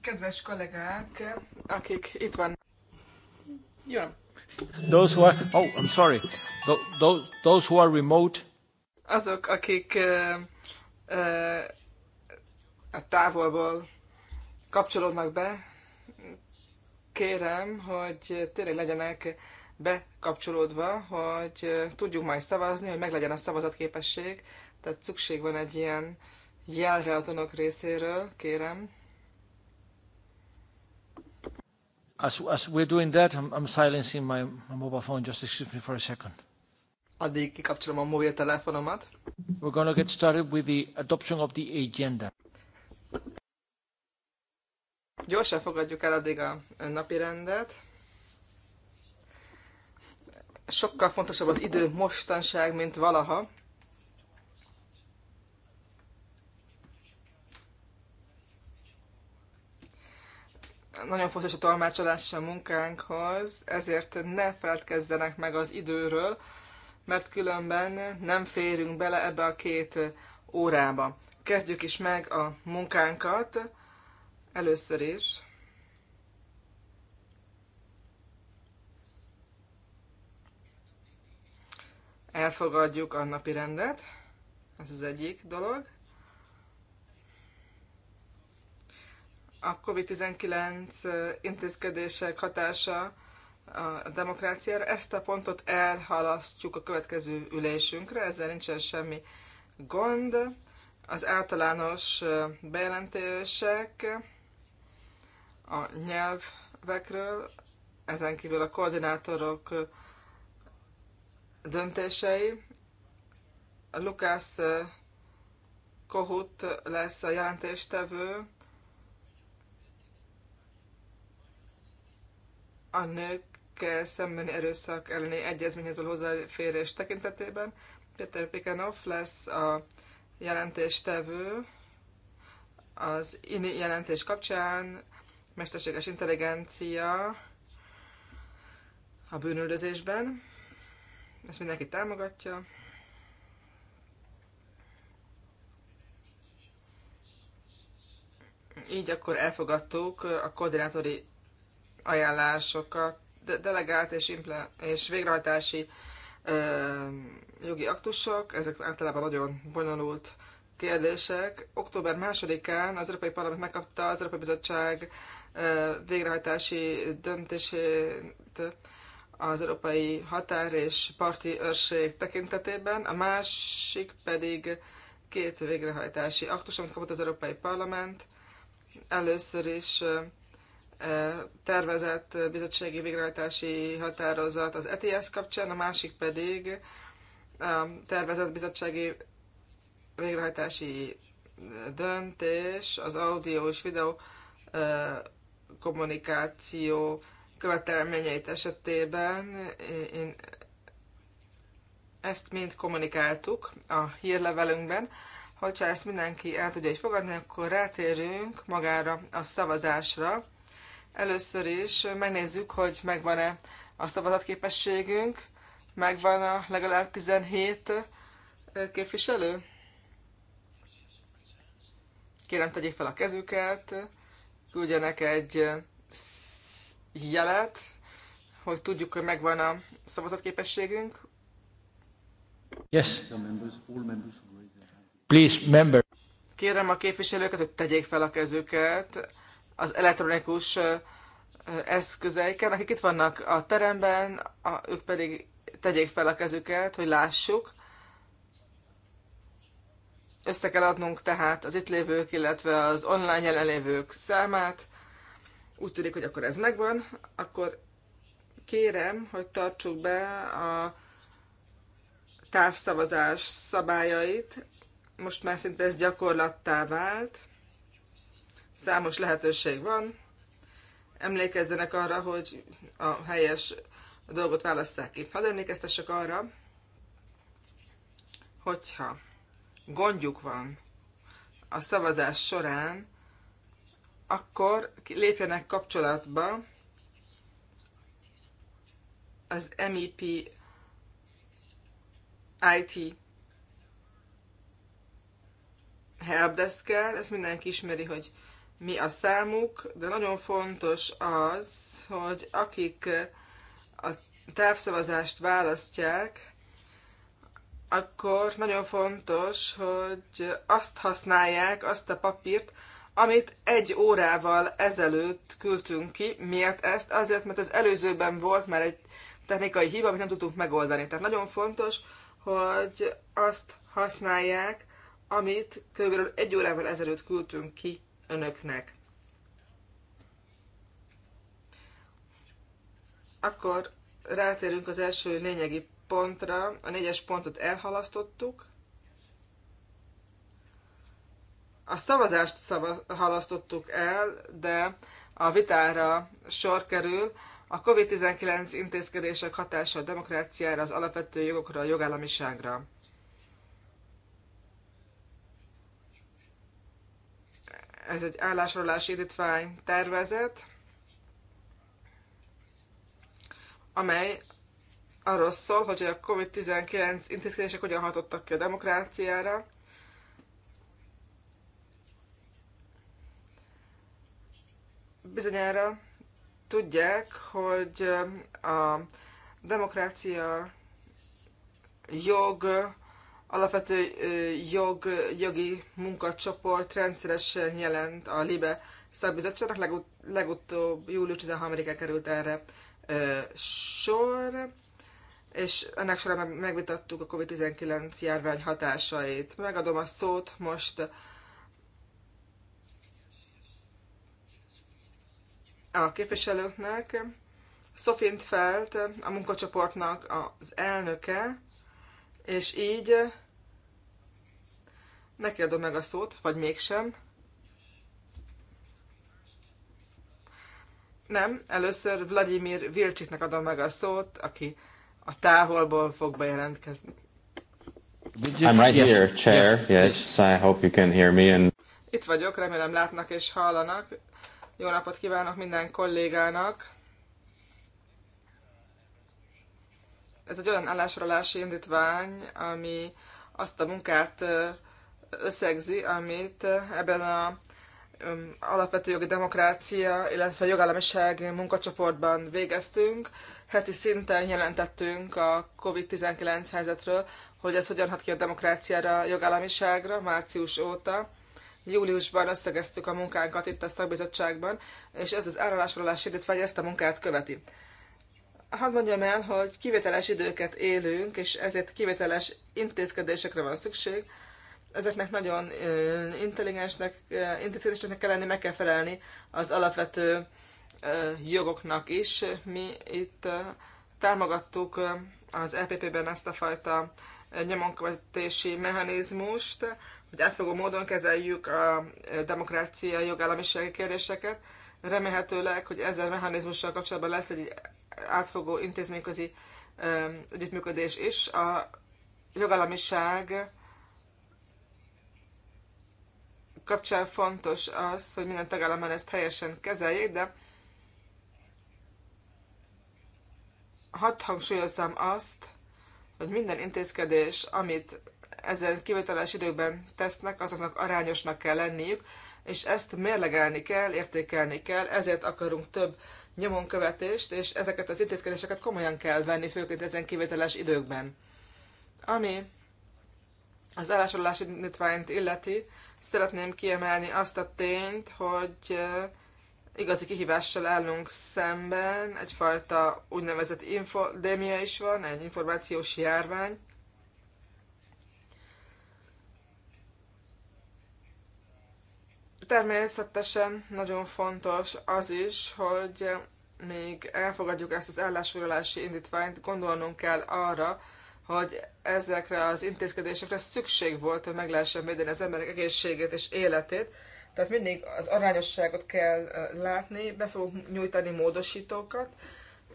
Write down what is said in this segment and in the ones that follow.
Kedves kollégák, akik itt vannak. Jó. Those who are, oh, I'm sorry. Those, those who are remote. Azok, akik uh, uh, a távolból kapcsolódnak be, kérem, hogy tényleg legyenek bekapcsolódva, hogy tudjuk majd szavazni, hogy meglegyen a szavazatképesség, tehát szükség van egy ilyen jelre az önök részéről, kérem. As, as we're doing that, I'm, I'm silencing my, my mobile phone. Just excuse me for a second. Addig kikapcsolom a mobiltelefonomat. We're going to get started with the adoption of the agenda. Gyorsan fogadjuk el addig a napi rendet. Sokkal fontosabb az idő mostanság, mint valaha. nagyon fontos a tolmácsolás a munkánkhoz, ezért ne feledkezzenek meg az időről, mert különben nem férünk bele ebbe a két órába. Kezdjük is meg a munkánkat. Először is elfogadjuk a napi rendet. Ez az egyik dolog. a COVID-19 intézkedések hatása a demokráciára. Ezt a pontot elhalasztjuk a következő ülésünkre, ezzel nincsen semmi gond. Az általános bejelentések a nyelvekről, ezen kívül a koordinátorok döntései. Lukász Kohut lesz a jelentéstevő, a nőkkel szembeni erőszak elleni egyezményhez a hozzáférés tekintetében. Peter Pikanov lesz a jelentéstevő az INI jelentés kapcsán, mesterséges intelligencia a bűnöldözésben. Ezt mindenki támogatja. Így akkor elfogadtuk a koordinátori ajánlásokat, de delegált és, impl- és végrehajtási ö, jogi aktusok, ezek általában nagyon bonyolult kérdések. Október 2-án az Európai Parlament megkapta az Európai Bizottság ö, végrehajtási döntését az Európai Határ és Parti Őrség tekintetében, a másik pedig két végrehajtási aktus, amit kapott az Európai Parlament. Először is tervezett bizottsági végrehajtási határozat az ETS kapcsán, a másik pedig a tervezett bizottsági végrehajtási döntés az audio és videó kommunikáció követelményeit esetében. Én ezt mind kommunikáltuk a hírlevelünkben. Hogyha ezt mindenki el tudja így fogadni, akkor rátérünk magára a szavazásra. Először is megnézzük, hogy megvan-e a szavazatképességünk, megvan a legalább 17 képviselő. Kérem, tegyék fel a kezüket, küldjenek egy jelet, hogy tudjuk, hogy megvan a szavazatképességünk. Yes. Please, member. Kérem a képviselőket, hogy tegyék fel a kezüket az elektronikus eszközeiken, akik itt vannak a teremben, a, ők pedig tegyék fel a kezüket, hogy lássuk. Össze kell adnunk tehát az itt lévők, illetve az online jelenlévők számát. Úgy tűnik, hogy akkor ez megvan. Akkor kérem, hogy tartsuk be a távszavazás szabályait. Most már szinte ez gyakorlattá vált. Számos lehetőség van. Emlékezzenek arra, hogy a helyes dolgot választák. ki. Hadd emlékeztessek arra, hogyha gondjuk van a szavazás során, akkor lépjenek kapcsolatba az MEP IT helpdesk ezt mindenki ismeri, hogy mi a számuk, de nagyon fontos az, hogy akik a távszavazást választják, akkor nagyon fontos, hogy azt használják, azt a papírt, amit egy órával ezelőtt küldtünk ki. Miért ezt? Azért, mert az előzőben volt már egy technikai hiba, amit nem tudtunk megoldani. Tehát nagyon fontos, hogy azt használják, amit körülbelül egy órával ezelőtt küldtünk ki önöknek. Akkor rátérünk az első lényegi pontra. A négyes pontot elhalasztottuk. A szavazást szava- halasztottuk el, de a vitára sor kerül. A COVID-19 intézkedések hatása a demokráciára, az alapvető jogokra, a jogállamiságra. Ez egy állásolási indítvány tervezet, amely arról szól, hogy a COVID-19 intézkedések hogyan hatottak ki a demokráciára, bizonyára tudják, hogy a demokrácia jog alapvető jog, jogi munkacsoport rendszeresen jelent a LIBE szakbizottságnak, legut- legutóbb július 13-án került erre ö, sor, és ennek során megvitattuk a COVID-19 járvány hatásait. Megadom a szót most a képviselőknek. Sofint Felt, a munkacsoportnak az elnöke, és így neki adom meg a szót, vagy mégsem. Nem, először Vladimir Vilcsiknek adom meg a szót, aki a távolból fog bejelentkezni. I'm right yes. here, chair. Yes. yes, I hope you can hear me. And... Itt vagyok, remélem látnak és hallanak. Jó napot kívánok minden kollégának. Ez egy olyan állásfoglalási indítvány, ami azt a munkát összegzi, amit ebben a alapvető jogi demokrácia, illetve jogállamiság munkacsoportban végeztünk. Heti szinten jelentettünk a COVID-19 helyzetről, hogy ez hogyan hat ki a demokráciára, jogállamiságra március óta. Júliusban összegeztük a munkánkat itt a szakbizottságban, és ez az állásfoglalás indítvány ezt a munkát követi hadd mondjam el, hogy kivételes időket élünk, és ezért kivételes intézkedésekre van szükség. Ezeknek nagyon intelligensnek, intézkedéseknek kell lenni, meg kell felelni az alapvető jogoknak is. Mi itt támogattuk az EPP-ben ezt a fajta nyomonkövetési mechanizmust, hogy átfogó módon kezeljük a demokrácia, jogállamisági kérdéseket. Remélhetőleg, hogy ezzel mechanizmussal kapcsolatban lesz egy átfogó intézményközi együttműködés is. A jogalamiság kapcsán fontos az, hogy minden tagállamban ezt helyesen kezeljék, de hadd hangsúlyozzam azt, hogy minden intézkedés, amit ezen kivételes időben tesznek, azoknak arányosnak kell lenniük, és ezt mérlegelni kell, értékelni kell, ezért akarunk több nyomon követést, és ezeket az intézkedéseket komolyan kell venni, főként ezen kivételes időkben. Ami az állásolási indítványt illeti, szeretném kiemelni azt a tényt, hogy igazi kihívással állunk szemben, egyfajta úgynevezett infodémia is van, egy információs járvány, Természetesen nagyon fontos az is, hogy még elfogadjuk ezt az állásfoglalási indítványt, gondolnunk kell arra, hogy ezekre az intézkedésekre szükség volt, hogy meg lehessen védeni az emberek egészségét és életét. Tehát mindig az arányosságot kell látni, be fogunk nyújtani módosítókat,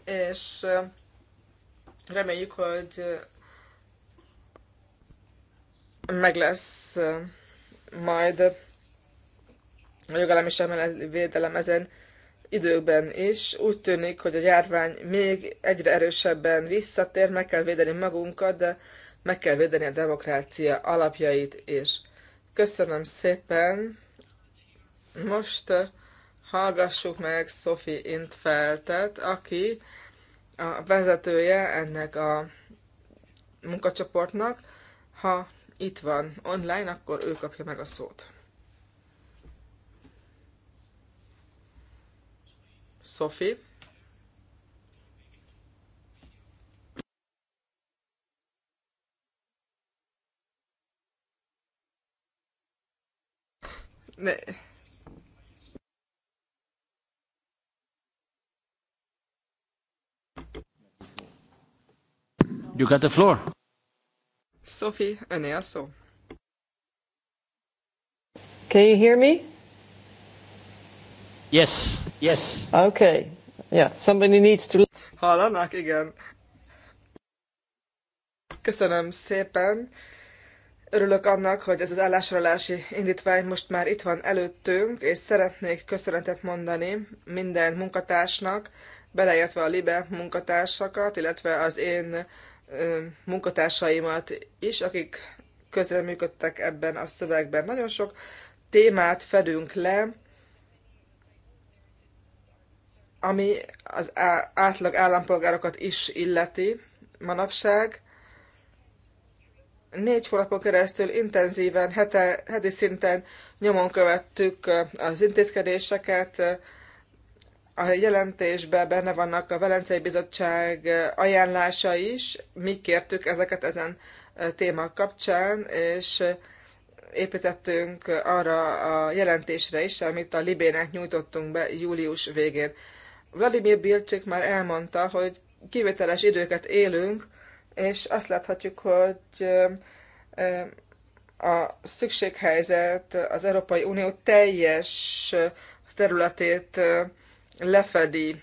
és reméljük, hogy meg lesz majd a jogállamiság mellett védelem ezen időkben is. Úgy tűnik, hogy a járvány még egyre erősebben visszatér, meg kell védeni magunkat, de meg kell védeni a demokrácia alapjait is. Köszönöm szépen! Most uh, hallgassuk meg Sophie Intfeltet, aki a vezetője ennek a munkacsoportnak. Ha itt van online, akkor ő kapja meg a szót. Sophie. Ne. You got the floor. Sophie, öné a Can you hear me? Yes. Yes. Okay. Yeah, somebody needs to... Hallanak? Igen. Köszönöm szépen. Örülök annak, hogy ez az állásfoglalási indítvány most már itt van előttünk, és szeretnék köszönetet mondani minden munkatársnak, beleértve a LIBE munkatársakat, illetve az én munkatársaimat is, akik közreműködtek ebben a szövegben. Nagyon sok témát fedünk le, ami az átlag állampolgárokat is illeti manapság. Négy hónapon keresztül intenzíven, hete, heti szinten nyomon követtük az intézkedéseket, a jelentésben benne vannak a Velencei Bizottság ajánlása is, mi kértük ezeket ezen téma kapcsán, és építettünk arra a jelentésre is, amit a Libének nyújtottunk be július végén. Vladimir Bilcsik már elmondta, hogy kivételes időket élünk, és azt láthatjuk, hogy a szükséghelyzet az Európai Unió teljes területét lefedi.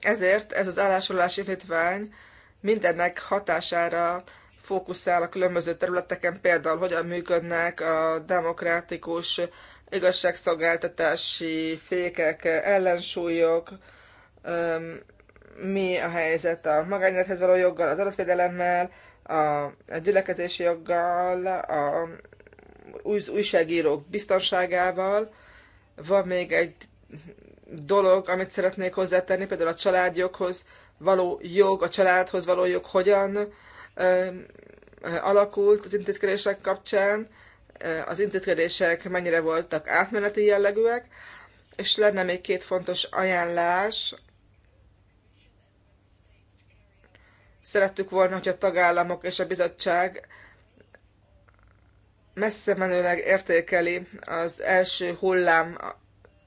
Ezért ez az állásolási indítvány mindennek hatására fókuszál a különböző területeken, például hogyan működnek a demokratikus igazságszolgáltatási fékek, eh, ellensúlyok, mi a helyzet a magányérthez való joggal, az adatvédelemmel, a gyülekezési joggal, a újságírók biztonságával. Van még egy dolog, amit szeretnék hozzátenni, például a családjoghoz való jog, a családhoz való jog hogyan alakult az intézkedések kapcsán az intézkedések mennyire voltak átmeneti jellegűek, és lenne még két fontos ajánlás. Szerettük volna, hogy a tagállamok és a bizottság messze menőleg értékeli az első hullám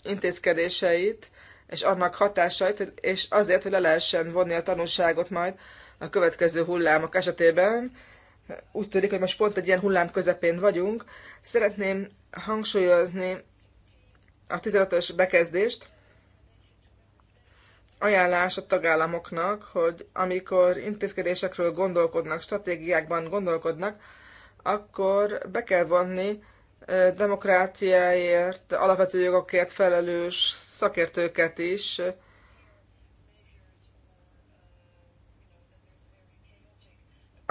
intézkedéseit és annak hatásait, és azért, hogy le lehessen vonni a tanulságot majd a következő hullámok esetében, úgy tűnik, hogy most pont egy ilyen hullám közepén vagyunk. Szeretném hangsúlyozni a 15-ös bekezdést, ajánlás a tagállamoknak, hogy amikor intézkedésekről gondolkodnak, stratégiákban gondolkodnak, akkor be kell vonni demokráciáért, alapvető jogokért felelős szakértőket is,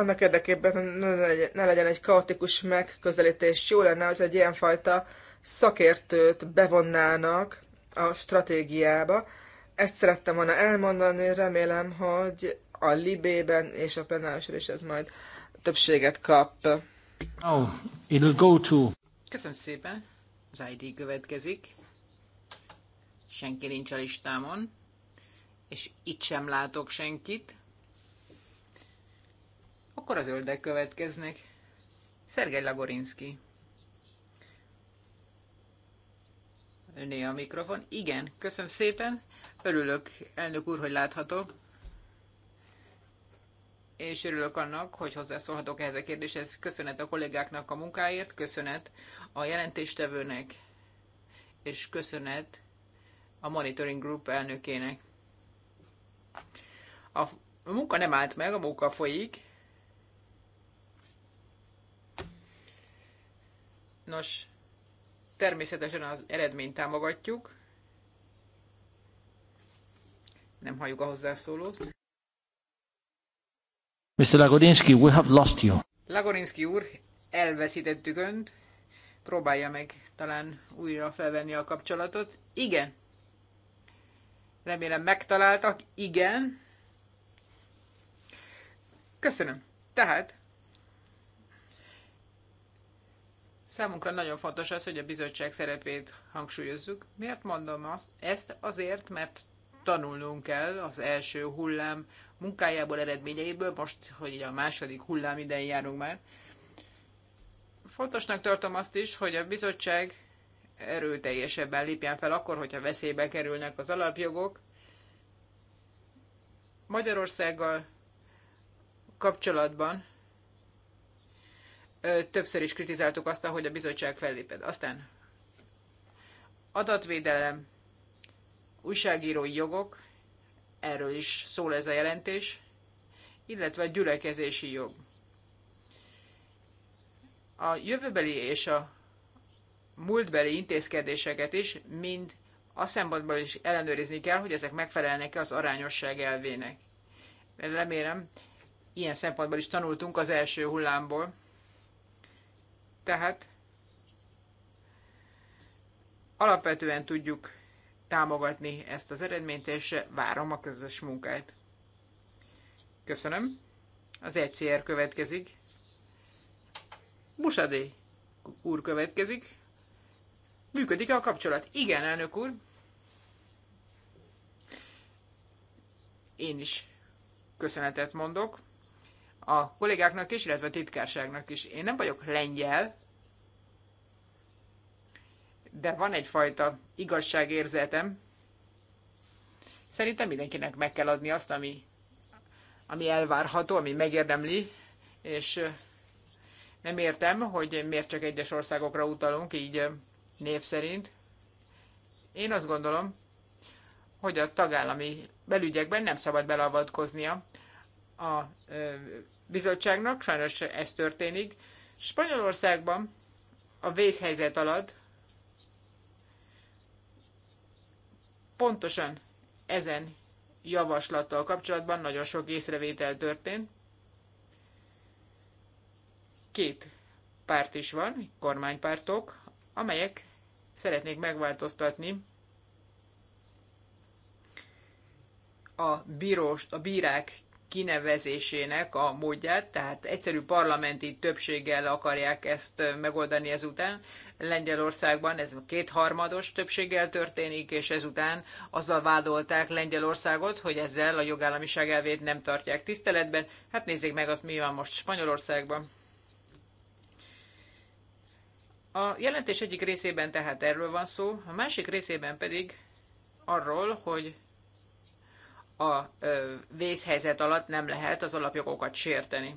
annak érdekében ne legyen egy kaotikus megközelítés. Jó lenne, hogy egy ilyenfajta szakértőt bevonnának a stratégiába. Ezt szerettem volna elmondani, remélem, hogy a Libében és a plenárison is ez majd többséget kap. Oh, it'll go to. Köszönöm szépen. Az ID következik. Senki nincs a listámon. És itt sem látok senkit. Akkor az öldek következnek. Szergej Lagorinski. Öné a mikrofon. Igen, köszönöm szépen. Örülök, elnök úr, hogy látható. És örülök annak, hogy hozzászólhatok ehhez a kérdéshez. Köszönet a kollégáknak a munkáért, köszönet a jelentéstevőnek, és köszönet a Monitoring Group elnökének. A munka nem állt meg, a munka folyik, Nos, természetesen az eredményt támogatjuk. Nem halljuk a hozzászólót. Mr. Lagorinsky, we have lost you. Lagorinsky úr, elveszítettük önt. Próbálja meg talán újra felvenni a kapcsolatot. Igen. Remélem megtaláltak. Igen. Köszönöm. Tehát Számunkra nagyon fontos az, hogy a bizottság szerepét hangsúlyozzuk. Miért mondom azt? Ezt azért, mert tanulnunk kell az első hullám munkájából, eredményeiből, most, hogy a második hullám idején járunk már. Fontosnak tartom azt is, hogy a bizottság erőteljesebben lépjen fel akkor, hogyha veszélybe kerülnek az alapjogok. Magyarországgal kapcsolatban többször is kritizáltuk azt, hogy a bizottság fellépett. Aztán adatvédelem, újságírói jogok, erről is szól ez a jelentés, illetve a gyülekezési jog. A jövőbeli és a múltbeli intézkedéseket is mind a szempontból is ellenőrizni kell, hogy ezek megfelelnek-e az arányosság elvének. Remélem, ilyen szempontból is tanultunk az első hullámból. Tehát alapvetően tudjuk támogatni ezt az eredményt, és várom a közös munkát. Köszönöm. Az ECR következik. Busadé úr következik. Működik -e a kapcsolat? Igen, elnök úr. Én is köszönetet mondok a kollégáknak is, illetve a titkárságnak is. Én nem vagyok lengyel, de van egyfajta igazságérzetem. Szerintem mindenkinek meg kell adni azt, ami, ami elvárható, ami megérdemli, és nem értem, hogy miért csak egyes országokra utalunk, így név szerint. Én azt gondolom, hogy a tagállami belügyekben nem szabad belavatkoznia a bizottságnak, sajnos ez történik. Spanyolországban a vészhelyzet alatt pontosan ezen javaslattal kapcsolatban nagyon sok észrevétel történt. Két párt is van, kormánypártok, amelyek szeretnék megváltoztatni a, bírós, a bírák kinevezésének a módját, tehát egyszerű parlamenti többséggel akarják ezt megoldani ezután. Lengyelországban ez kétharmados többséggel történik, és ezután azzal vádolták Lengyelországot, hogy ezzel a jogállamiság elvét nem tartják tiszteletben. Hát nézzék meg azt, mi van most Spanyolországban. A jelentés egyik részében tehát erről van szó, a másik részében pedig arról, hogy a vészhelyzet alatt nem lehet az alapjogokat sérteni.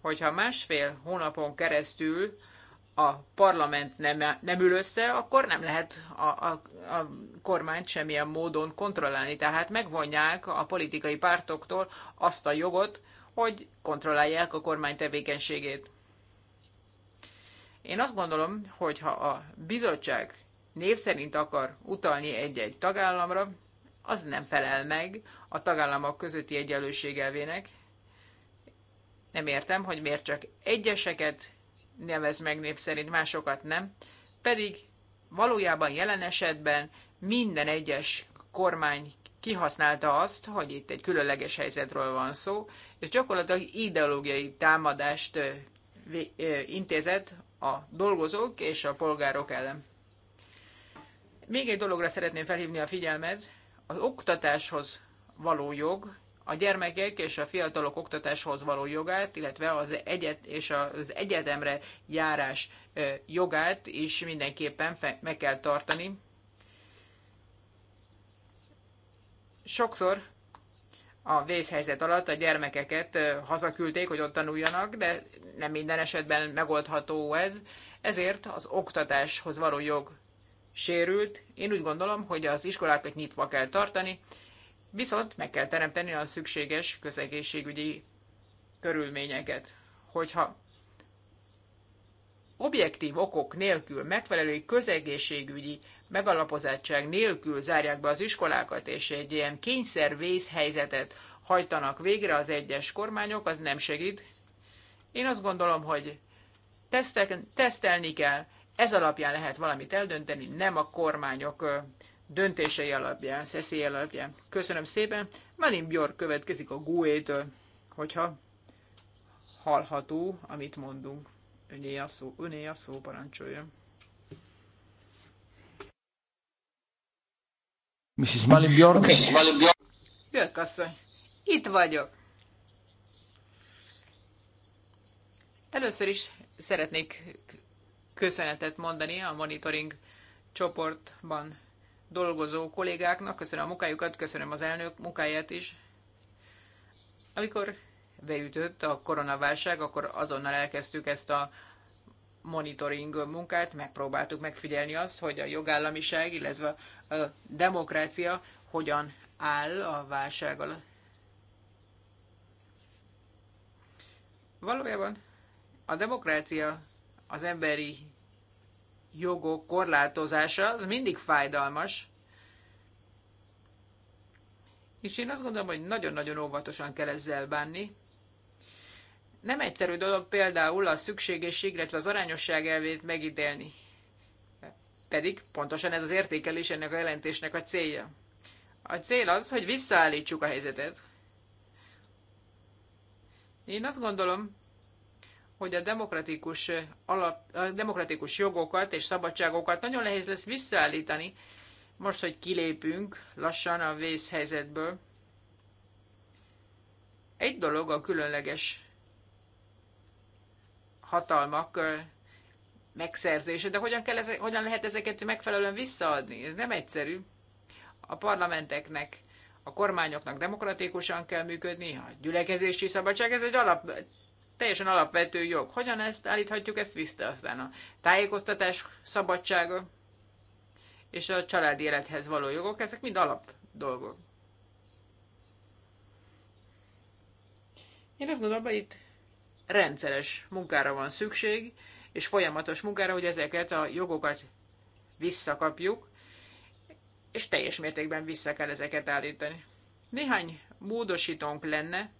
Hogyha másfél hónapon keresztül a parlament nem, nem ül össze, akkor nem lehet a, a, a kormányt semmilyen módon kontrollálni. Tehát megvonják a politikai pártoktól azt a jogot, hogy kontrollálják a kormány tevékenységét. Én azt gondolom, hogy ha a bizottság név szerint akar utalni egy-egy tagállamra, az nem felel meg a tagállamok közötti egyenlőség elvének. Nem értem, hogy miért csak egyeseket nevez meg név szerint, másokat nem, pedig valójában jelen esetben minden egyes kormány kihasználta azt, hogy itt egy különleges helyzetről van szó, és gyakorlatilag ideológiai támadást intézett a dolgozók és a polgárok ellen. Még egy dologra szeretném felhívni a figyelmet, az oktatáshoz való jog, a gyermekek és a fiatalok oktatáshoz való jogát, illetve az, egyet, és az egyetemre járás jogát is mindenképpen meg kell tartani. Sokszor a vészhelyzet alatt a gyermekeket hazaküldték, hogy ott tanuljanak, de nem minden esetben megoldható ez, ezért az oktatáshoz való jog sérült. Én úgy gondolom, hogy az iskolákat nyitva kell tartani, viszont meg kell teremteni a szükséges közegészségügyi körülményeket. Hogyha objektív okok nélkül, megfelelő közegészségügyi megalapozátság nélkül zárják be az iskolákat, és egy ilyen kényszer helyzetet hajtanak végre az egyes kormányok, az nem segít. Én azt gondolom, hogy tesztek, tesztelni kell, ez alapján lehet valamit eldönteni, nem a kormányok döntései alapján, szeszély alapján. Köszönöm szépen. Malin Björk következik a GUE-től, hogyha hallható, amit mondunk. Öné a szó, öné a szó, parancsoljon. Mrs. Malin Björk. Okay. Björk asszony, itt vagyok. Először is szeretnék köszönetet mondani a monitoring csoportban dolgozó kollégáknak. Köszönöm a munkájukat, köszönöm az elnök munkáját is. Amikor beütött a koronaválság, akkor azonnal elkezdtük ezt a monitoring munkát, megpróbáltuk megfigyelni azt, hogy a jogállamiság, illetve a demokrácia hogyan áll a válság alatt. Valójában a demokrácia az emberi jogok korlátozása, az mindig fájdalmas. És én azt gondolom, hogy nagyon-nagyon óvatosan kell ezzel bánni. Nem egyszerű dolog például a szükségesség, illetve az arányosság elvét megítélni. Pedig pontosan ez az értékelés ennek a jelentésnek a célja. A cél az, hogy visszaállítsuk a helyzetet. Én azt gondolom, hogy a demokratikus, alap, a demokratikus jogokat és szabadságokat nagyon nehéz lesz visszaállítani, most, hogy kilépünk lassan a vészhelyzetből. Egy dolog a különleges hatalmak megszerzése, de hogyan, kell ezek, hogyan lehet ezeket megfelelően visszaadni? Ez nem egyszerű. A parlamenteknek, a kormányoknak demokratikusan kell működni, a gyülekezési szabadság, ez egy alap teljesen alapvető jog. Hogyan ezt állíthatjuk, ezt vissza aztán a tájékoztatás szabadsága és a családi élethez való jogok, ezek mind alap dolgok. Én azt gondolom, hogy itt rendszeres munkára van szükség, és folyamatos munkára, hogy ezeket a jogokat visszakapjuk, és teljes mértékben vissza kell ezeket állítani. Néhány módosítónk lenne,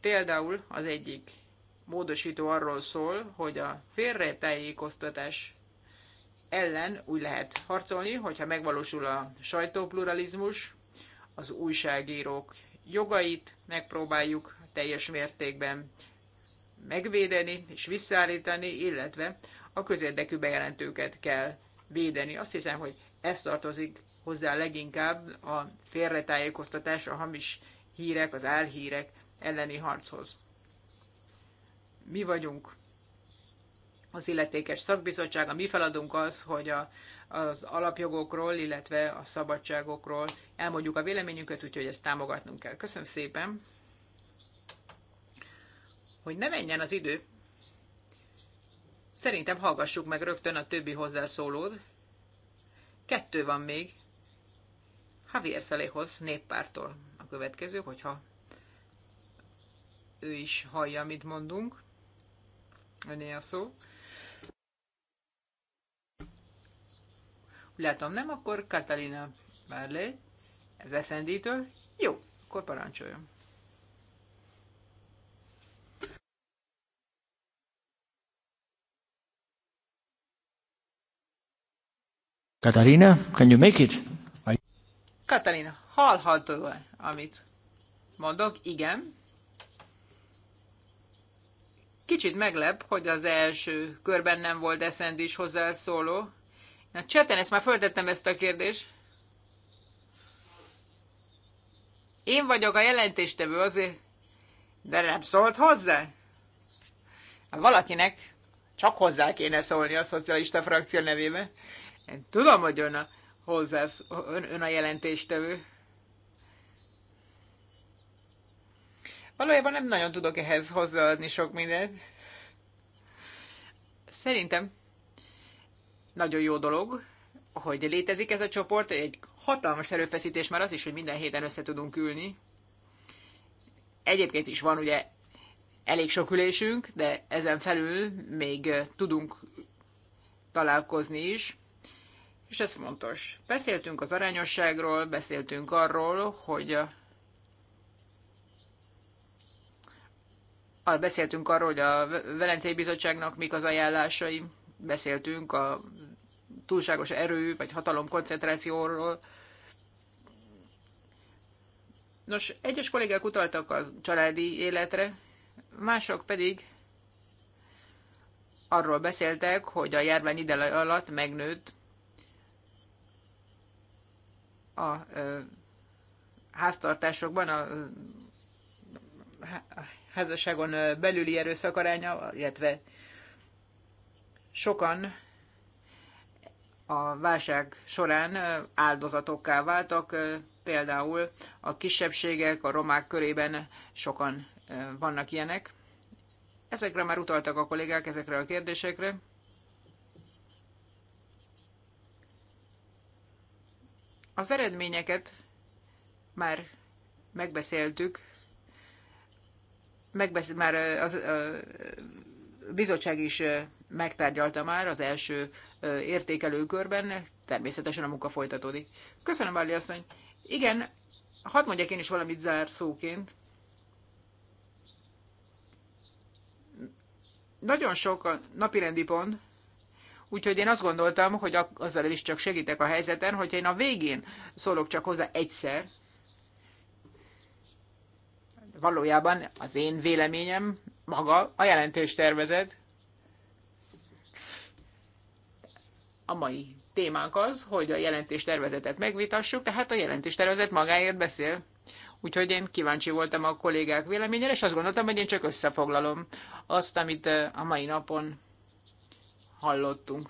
Például az egyik módosító arról szól, hogy a félretájékoztatás ellen úgy lehet harcolni, hogyha megvalósul a sajtópluralizmus, az újságírók jogait megpróbáljuk teljes mértékben megvédeni és visszaállítani, illetve a közérdekű bejelentőket kell védeni. Azt hiszem, hogy ez tartozik hozzá leginkább a félretájékoztatás, a hamis hírek, az álhírek elleni harchoz. Mi vagyunk az illetékes szakbizottság, a mi feladunk az, hogy a, az alapjogokról, illetve a szabadságokról elmondjuk a véleményünket, úgyhogy ezt támogatnunk kell. Köszönöm szépen, hogy ne menjen az idő. Szerintem hallgassuk meg rögtön a többi hozzászólód. Kettő van még. Javier Szeléhoz, néppártól. A következő, hogyha ő is hallja, amit mondunk. Öné a szó. Látom, nem, akkor Katalina Merlé, ez eszendítő. Jó, akkor parancsoljon. Katalina, can you make it? Katalina, hallhatod amit mondok? Igen. Kicsit meglep, hogy az első körben nem volt eszend is hozzászóló. Na, cseten ezt már föltettem ezt a kérdést. Én vagyok a jelentéstevő azért, de nem szólt hozzá. Valakinek csak hozzá kéne szólni a szocialista frakció nevében. Én tudom, hogy ön a, hozzász, ön, ön a jelentéstevő. Valójában nem nagyon tudok ehhez hozzáadni sok mindent. Szerintem nagyon jó dolog, hogy létezik ez a csoport, egy hatalmas erőfeszítés már az is, hogy minden héten össze tudunk ülni. Egyébként is van ugye elég sok ülésünk, de ezen felül még tudunk találkozni is, és ez fontos. Beszéltünk az arányosságról, beszéltünk arról, hogy beszéltünk arról, hogy a Velencei Bizottságnak mik az ajánlásai, beszéltünk a túlságos erő vagy hatalom koncentrációról. Nos, egyes kollégák utaltak a családi életre, mások pedig arról beszéltek, hogy a járvány ide alatt megnőtt a háztartásokban a házasságon belüli erőszak aránya, illetve sokan a válság során áldozatokká váltak, például a kisebbségek, a romák körében sokan vannak ilyenek. Ezekre már utaltak a kollégák, ezekre a kérdésekre. Az eredményeket már megbeszéltük megbesz, már az, a bizottság is megtárgyalta már az első értékelőkörben, természetesen a munka folytatódik. Köszönöm, Váli asszony. Igen, hadd mondjak én is valamit zárszóként. Nagyon sok a napirendi pont, úgyhogy én azt gondoltam, hogy azzal is csak segítek a helyzeten, hogyha én a végén szólok csak hozzá egyszer, valójában az én véleményem maga a jelentős tervezet. A mai témánk az, hogy a tervezetet megvitassuk, tehát a tervezet magáért beszél. Úgyhogy én kíváncsi voltam a kollégák véleményére, és azt gondoltam, hogy én csak összefoglalom azt, amit a mai napon hallottunk.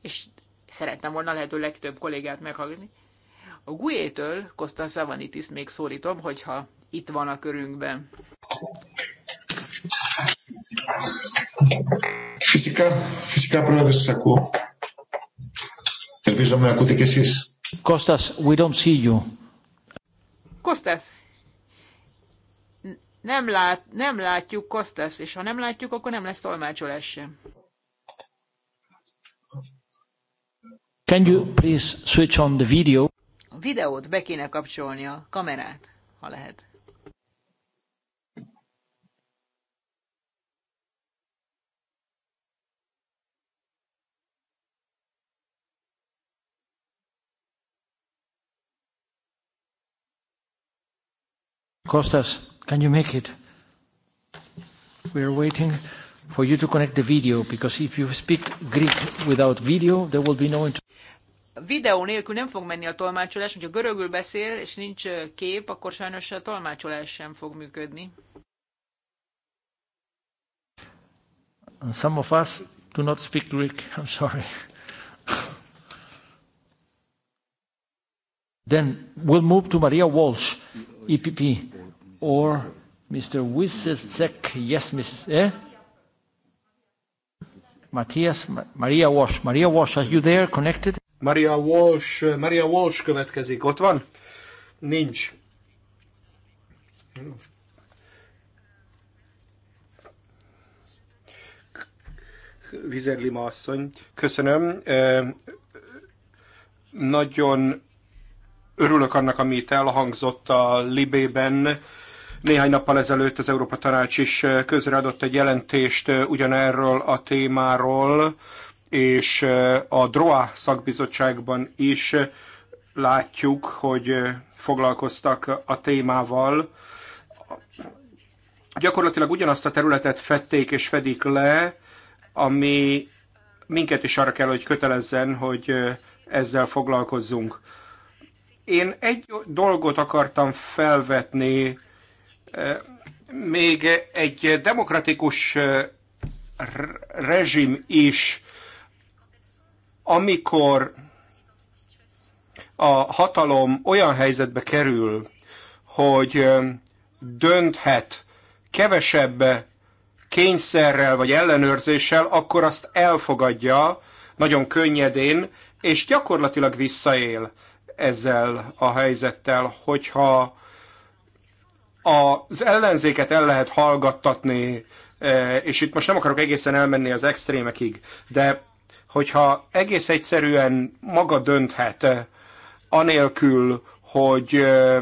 És szerettem volna lehető legtöbb kollégát meghallgatni. A Gué-től, Kostan Savanitis még szólítom, hogyha itt van a körünkben. Fizika, fizika πρόεδρε σας ακούω. Ελπίζω να ακούτε we don't see you. Kostas, nem, lát, nem látjuk Kostas, és ha nem látjuk, akkor nem lesz tolmácsolás sem. Can you please switch on the video? A videót be kéne kapcsolni a kamerát, ha lehet. Costas, can you make it? We are waiting for you to connect the video, because if you speak Greek without video, there will be no inter- Videó nélkül nem fog menni a tolmácsolás, hogyha görögül beszél, és nincs kép, akkor sajnos a tolmácsolás sem fog működni. And some of us do not speak Greek, I'm sorry. Then we'll move to Maria Walsh, EPP or Mr. Wisesek. Yes, Mrs. Eh? Matthias, Maria Walsh. Maria Walsh, are you there connected? Maria Walsh, eh, Maria Walsh következik. Ott van? Nincs. Vizerlima asszony. Köszönöm. Eh, nagyon örülök annak, amit elhangzott a Libében néhány nappal ezelőtt az Európa Tanács is eh, közreadott egy jelentést eh, ugyanerről a témáról, és eh, a DROA szakbizottságban is látjuk, hogy foglalkoztak a témával. Gyakorlatilag ugyanazt a területet fették és fedik le, ami minket is arra kell, hogy kötelezzen, hogy ezzel foglalkozzunk. Én egy dolgot akartam felvetni még egy demokratikus rezsim is, amikor a hatalom olyan helyzetbe kerül, hogy dönthet kevesebb kényszerrel vagy ellenőrzéssel, akkor azt elfogadja nagyon könnyedén, és gyakorlatilag visszaél ezzel a helyzettel, hogyha az ellenzéket el lehet hallgattatni, e, és itt most nem akarok egészen elmenni az extrémekig, de hogyha egész egyszerűen maga dönthet, e, anélkül, hogy e,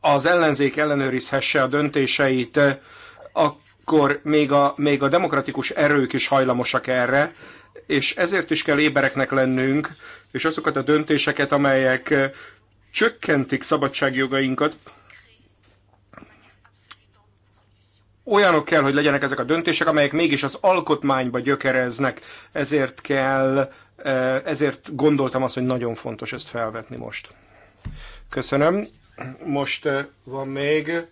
az ellenzék ellenőrizhesse a döntéseit, akkor még a, még a demokratikus erők is hajlamosak erre, és ezért is kell ébereknek lennünk, és azokat a döntéseket, amelyek csökkentik szabadságjogainkat, olyanok kell, hogy legyenek ezek a döntések, amelyek mégis az alkotmányba gyökereznek, ezért kell, eh, ezért gondoltam azt, hogy nagyon fontos ezt felvetni most. Köszönöm. Most eh, van még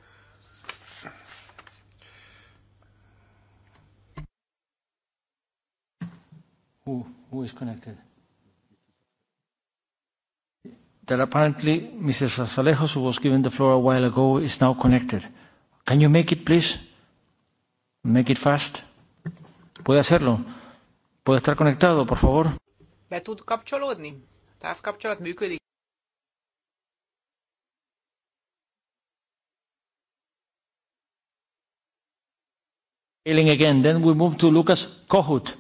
Who, who is connected? that apparently Mrs. Azalejos, who was given the floor a while ago, is now connected. Can you make it, please? Make it fast. ¿Puede hacerlo? ¿Puede estar conectado, por favor? Be tud kapcsolódni? A távkapcsolat működik? Failing again. Then we move to Lucas Kohut.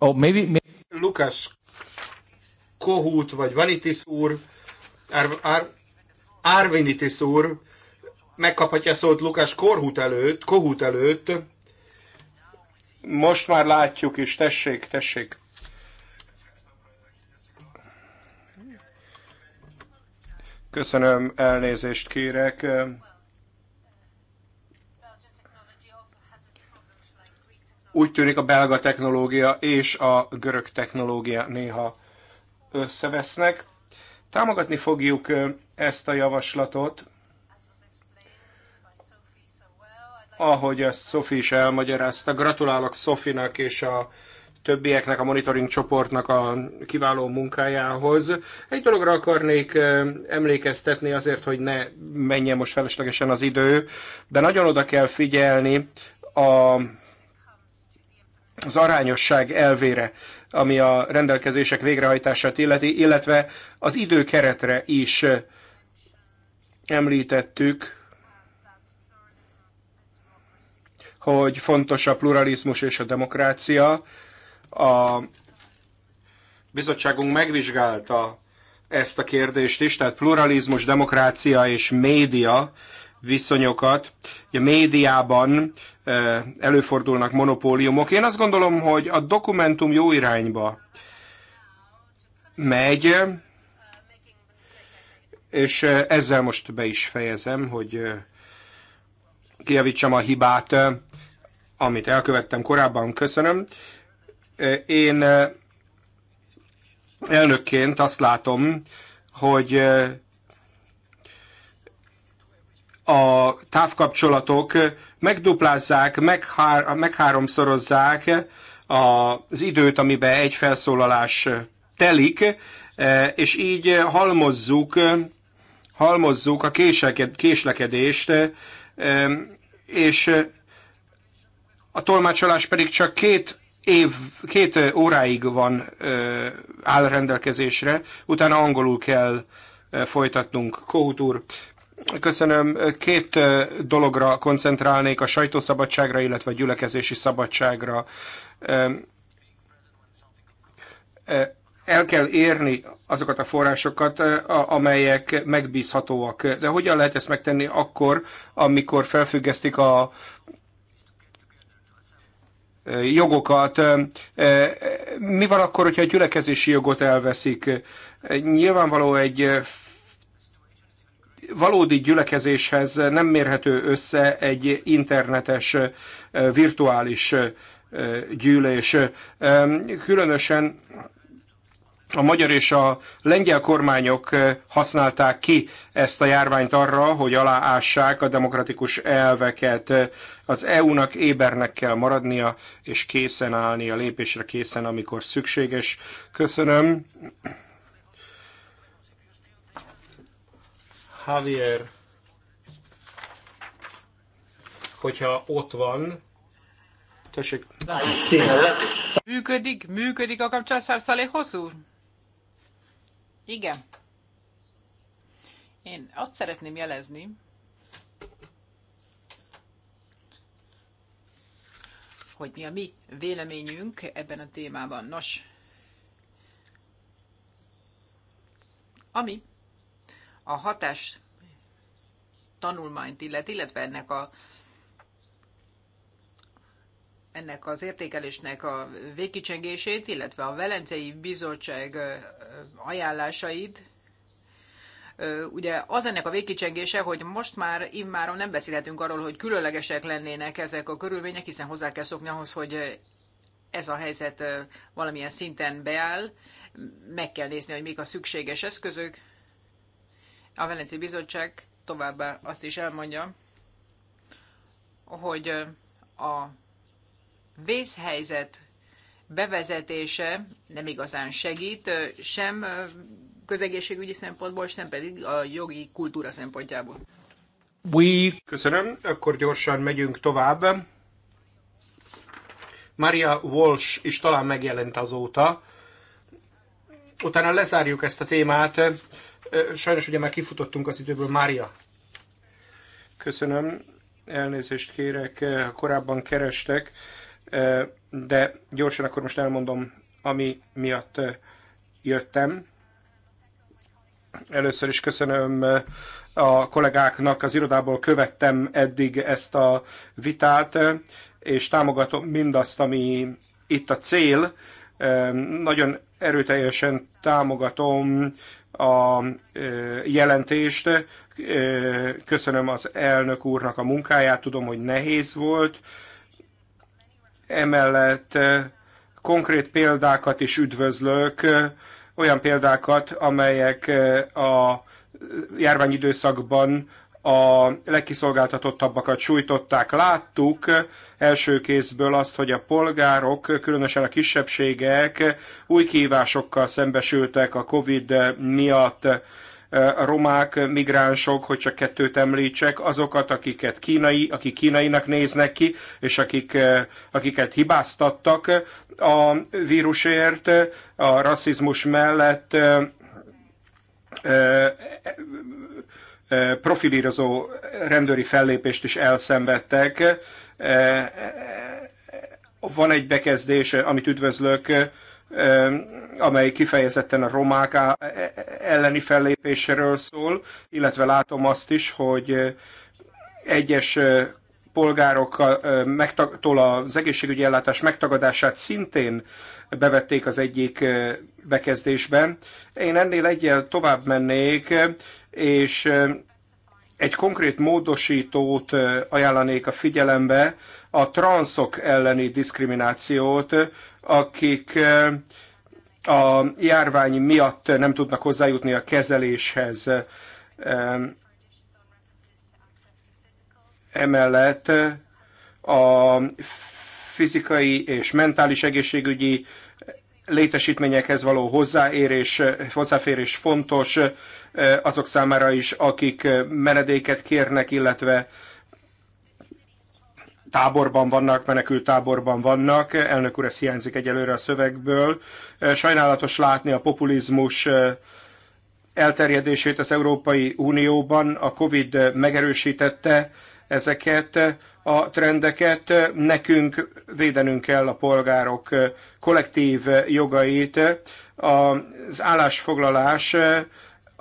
Oh, maybe, maybe... Lucas Kohut, vagy Vanitis úr, Ár, Ar- Arvinitis úr megkaphatja szót Lukás Korhut előtt, Kohut előtt. Most már látjuk is, tessék, tessék. Köszönöm, elnézést kérek. Úgy tűnik a belga technológia és a görög technológia néha összevesznek. Támogatni fogjuk ezt a javaslatot, ahogy ezt Sophie is elmagyarázta. Gratulálok Sofinak és a többieknek, a monitoring csoportnak a kiváló munkájához. Egy dologra akarnék emlékeztetni azért, hogy ne menjen most feleslegesen az idő, de nagyon oda kell figyelni a az arányosság elvére, ami a rendelkezések végrehajtását illeti, illetve az időkeretre is eh, említettük, hogy fontos a pluralizmus és a demokrácia. A bizottságunk megvizsgálta ezt a kérdést is, tehát pluralizmus, demokrácia és média viszonyokat. A médiában előfordulnak monopóliumok. Én azt gondolom, hogy a dokumentum jó irányba megy, és ezzel most be is fejezem, hogy kijavítsam a hibát, amit elkövettem korábban, köszönöm. Én elnökként azt látom, hogy a távkapcsolatok megduplázzák, meghár, megháromszorozzák az időt, amiben egy felszólalás telik, e, és így halmozzuk, halmozzuk a késlekedést, e, és a tolmácsolás pedig csak két év, két óráig van e, áll rendelkezésre, utána angolul kell folytatnunk. Kohut úr, Köszönöm. Két dologra koncentrálnék, a sajtószabadságra, illetve a gyülekezési szabadságra. El kell érni azokat a forrásokat, amelyek megbízhatóak. De hogyan lehet ezt megtenni akkor, amikor felfüggesztik a jogokat. Mi van akkor, hogyha a gyülekezési jogot elveszik? Nyilvánvaló egy valódi gyülekezéshez nem mérhető össze egy internetes, virtuális gyűlés. Különösen a magyar és a lengyel kormányok használták ki ezt a járványt arra, hogy aláássák a demokratikus elveket. Az EU-nak ébernek kell maradnia, és készen állnia, lépésre készen, amikor szükséges. Köszönöm. Javier, hogyha ott van, tessék. Működik, működik a kapcsolatszár szalé hosszú? Igen. Én azt szeretném jelezni, hogy mi a mi véleményünk ebben a témában. Nos, ami a hatás tanulmányt illet, illetve ennek a ennek az értékelésnek a végkicsengését, illetve a Velencei Bizottság ajánlásait. Ugye az ennek a végkicsengése, hogy most már immáron nem beszélhetünk arról, hogy különlegesek lennének ezek a körülmények, hiszen hozzá kell szokni ahhoz, hogy ez a helyzet valamilyen szinten beáll, meg kell nézni, hogy mik a szükséges eszközök, a Velencei Bizottság továbbá azt is elmondja, hogy a vészhelyzet bevezetése nem igazán segít, sem közegészségügyi szempontból, sem pedig a jogi kultúra szempontjából. We... Köszönöm, akkor gyorsan megyünk tovább. Maria Walsh is talán megjelent azóta. Utána lezárjuk ezt a témát. Sajnos ugye már kifutottunk az időből, Mária. Köszönöm, elnézést kérek, korábban kerestek, de gyorsan akkor most elmondom, ami miatt jöttem. Először is köszönöm a kollégáknak, az irodából követtem eddig ezt a vitát, és támogatom mindazt, ami itt a cél. Nagyon erőteljesen támogatom a jelentést. Köszönöm az elnök úrnak a munkáját, tudom, hogy nehéz volt. Emellett konkrét példákat is üdvözlök, olyan példákat, amelyek a járványidőszakban a legkiszolgáltatottabbakat sújtották. Láttuk első kézből azt, hogy a polgárok, különösen a kisebbségek új kívásokkal szembesültek a Covid miatt, a romák, migránsok, hogy csak kettőt említsek, azokat, akiket kínai, akik kínainak néznek ki, és akik, akiket hibáztattak a vírusért, a rasszizmus mellett profilírozó rendőri fellépést is elszenvedtek. Van egy bekezdés, amit üdvözlök, amely kifejezetten a romák elleni fellépésről szól, illetve látom azt is, hogy egyes polgárok megtól az egészségügyi ellátás megtagadását szintén bevették az egyik bekezdésben. Én ennél egyel tovább mennék, és egy konkrét módosítót ajánlanék a figyelembe, a transzok elleni diszkriminációt, akik a járvány miatt nem tudnak hozzájutni a kezeléshez. Emellett a fizikai és mentális egészségügyi létesítményekhez való hozzáérés, hozzáférés fontos, azok számára is, akik menedéket kérnek, illetve táborban vannak, menekült táborban vannak. Elnök úr, ez hiányzik egyelőre a szövegből. Sajnálatos látni a populizmus elterjedését az Európai Unióban. A Covid megerősítette ezeket a trendeket. Nekünk védenünk kell a polgárok kollektív jogait. Az állásfoglalás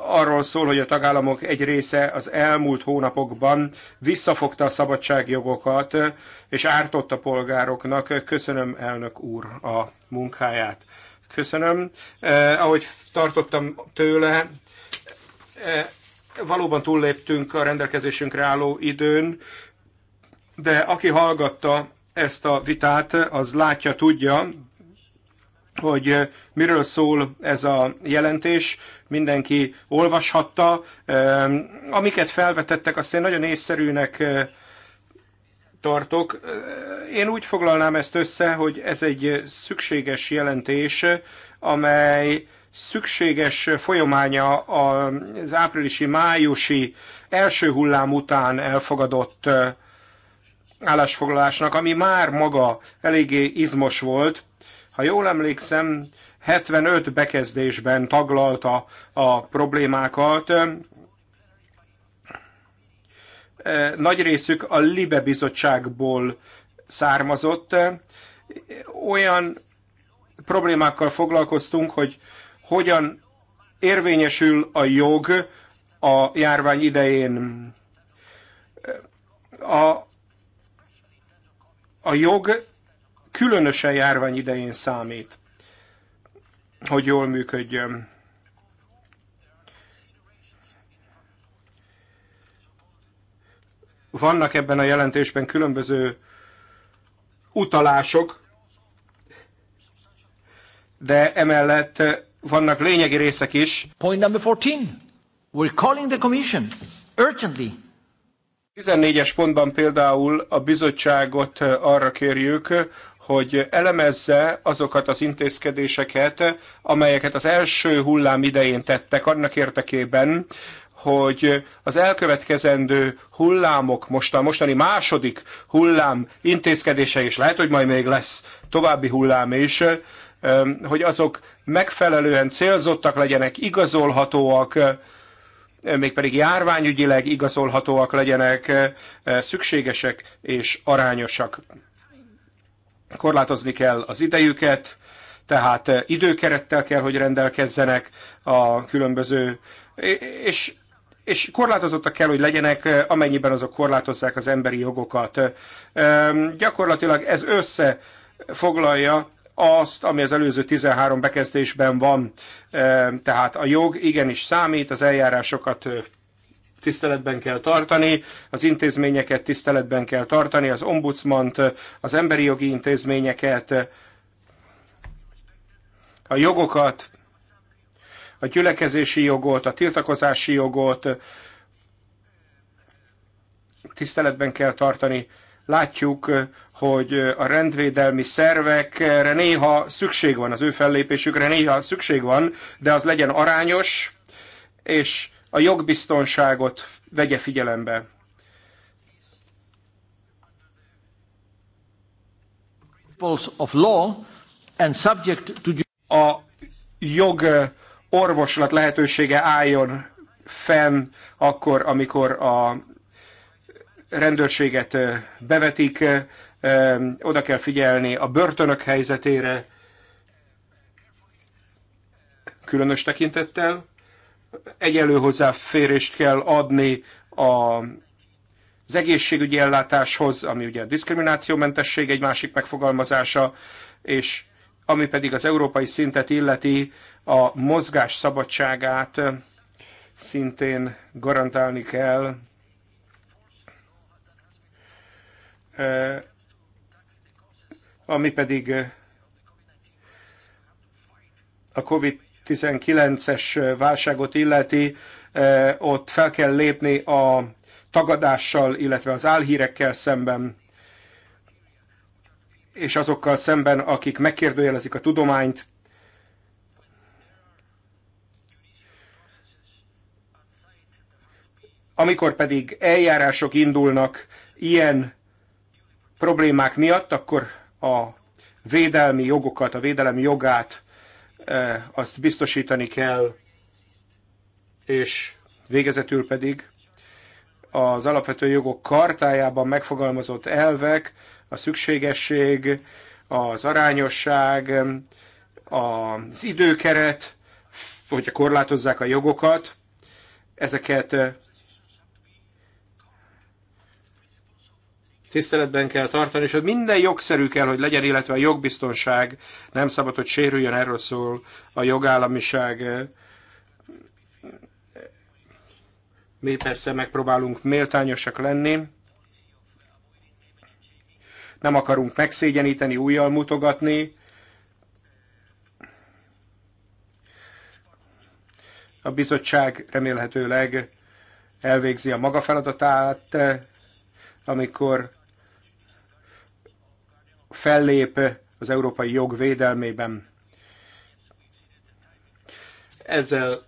arról szól, hogy a tagállamok egy része az elmúlt hónapokban visszafogta a szabadságjogokat, és ártott a polgároknak. Köszönöm, elnök úr, a munkáját. Köszönöm. Eh, ahogy tartottam tőle, eh, valóban túlléptünk a rendelkezésünkre álló időn, de aki hallgatta ezt a vitát, az látja, tudja, hogy miről szól ez a jelentés, mindenki olvashatta. Amiket felvetettek, azt én nagyon észszerűnek tartok. Én úgy foglalnám ezt össze, hogy ez egy szükséges jelentés, amely szükséges folyamánya az áprilisi-májusi első hullám után elfogadott állásfoglalásnak, ami már maga eléggé izmos volt, ha jól emlékszem, 75 bekezdésben taglalta a problémákat, nagy részük a Libe bizottságból származott. Olyan problémákkal foglalkoztunk, hogy hogyan érvényesül a jog a járvány idején. A, a jog különösen járvány idején számít, hogy jól működjön. Vannak ebben a jelentésben különböző utalások, de emellett vannak lényegi részek is. Point number 14. We're calling the commission urgently 14-es pontban például a bizottságot arra kérjük, hogy elemezze azokat az intézkedéseket, amelyeket az első hullám idején tettek annak érdekében, hogy az elkövetkezendő hullámok, most a mostani második hullám intézkedése is, lehet, hogy majd még lesz további hullám is, hogy azok megfelelően célzottak legyenek, igazolhatóak, mégpedig járványügyileg igazolhatóak legyenek, szükségesek és arányosak korlátozni kell az idejüket, tehát eh, időkerettel kell, hogy rendelkezzenek a különböző, és, és korlátozottak kell, hogy legyenek, eh, amennyiben azok korlátozzák az emberi jogokat. Eh, gyakorlatilag ez összefoglalja azt, ami az előző 13 bekezdésben van. Tehát a jog igenis számít, az eljárásokat tiszteletben kell tartani, az intézményeket tiszteletben kell tartani, az ombudsmant, az emberi jogi intézményeket, a jogokat, a gyülekezési jogot, a tiltakozási jogot tiszteletben kell tartani. Látjuk, hogy a rendvédelmi szervekre néha szükség van, az ő fellépésükre néha szükség van, de az legyen arányos, és a jogbiztonságot vegye figyelembe. A jog orvoslat lehetősége álljon fenn akkor, amikor a rendőrséget bevetik, oda kell figyelni a börtönök helyzetére, különös tekintettel egyelő hozzáférést kell adni a az egészségügyi ellátáshoz, ami ugye a diszkriminációmentesség egy másik megfogalmazása, és ami pedig az európai szintet illeti, a mozgás szabadságát szintén garantálni kell. Ami pedig a COVID 2019-es válságot illeti, eh, ott fel kell lépni a tagadással, illetve az álhírekkel szemben, és azokkal szemben, akik megkérdőjelezik a tudományt. Amikor pedig eljárások indulnak ilyen problémák miatt, akkor a védelmi jogokat, a védelem jogát E, azt biztosítani kell, és végezetül pedig az alapvető jogok kartájában megfogalmazott elvek, a szükségesség, az arányosság, az időkeret, hogyha korlátozzák a jogokat, ezeket tiszteletben kell tartani, és hogy minden jogszerű kell, hogy legyen, illetve a jogbiztonság nem szabad, hogy sérüljön, erről szól a jogállamiság. Mi persze megpróbálunk méltányosak lenni, nem akarunk megszégyeníteni, újjal mutogatni, a bizottság remélhetőleg elvégzi a maga feladatát, amikor fellép az európai jog védelmében. Ezzel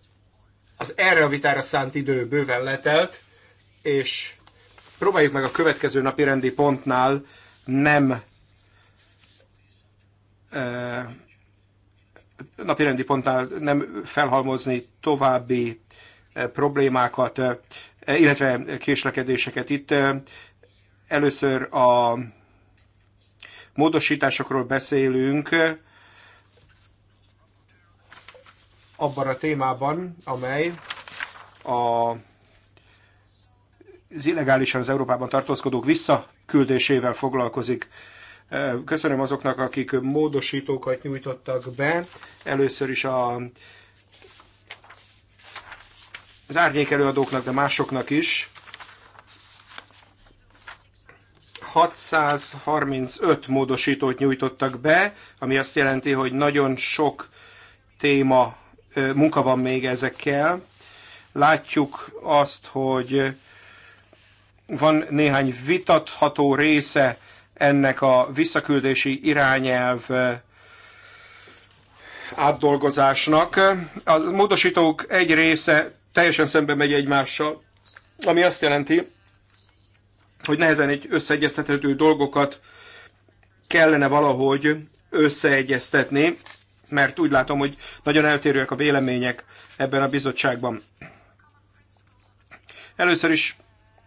az erre a vitára szánt idő bőven letelt, és próbáljuk meg a következő napi rendi pontnál nem napirendi pontnál nem felhalmozni további problémákat, illetve késlekedéseket. Itt először a módosításokról beszélünk abban a témában, amely a az illegálisan az Európában tartózkodók visszaküldésével foglalkozik. Köszönöm azoknak, akik módosítókat nyújtottak be. Először is a, az árnyék előadóknak, de másoknak is. 635 módosítót nyújtottak be, ami azt jelenti, hogy nagyon sok téma, munka van még ezekkel. Látjuk azt, hogy van néhány vitatható része ennek a visszaküldési irányelv átdolgozásnak. A módosítók egy része teljesen szembe megy egymással, ami azt jelenti, hogy nehezen egy összeegyeztethető dolgokat kellene valahogy összeegyeztetni, mert úgy látom, hogy nagyon eltérőek a vélemények ebben a bizottságban. Először is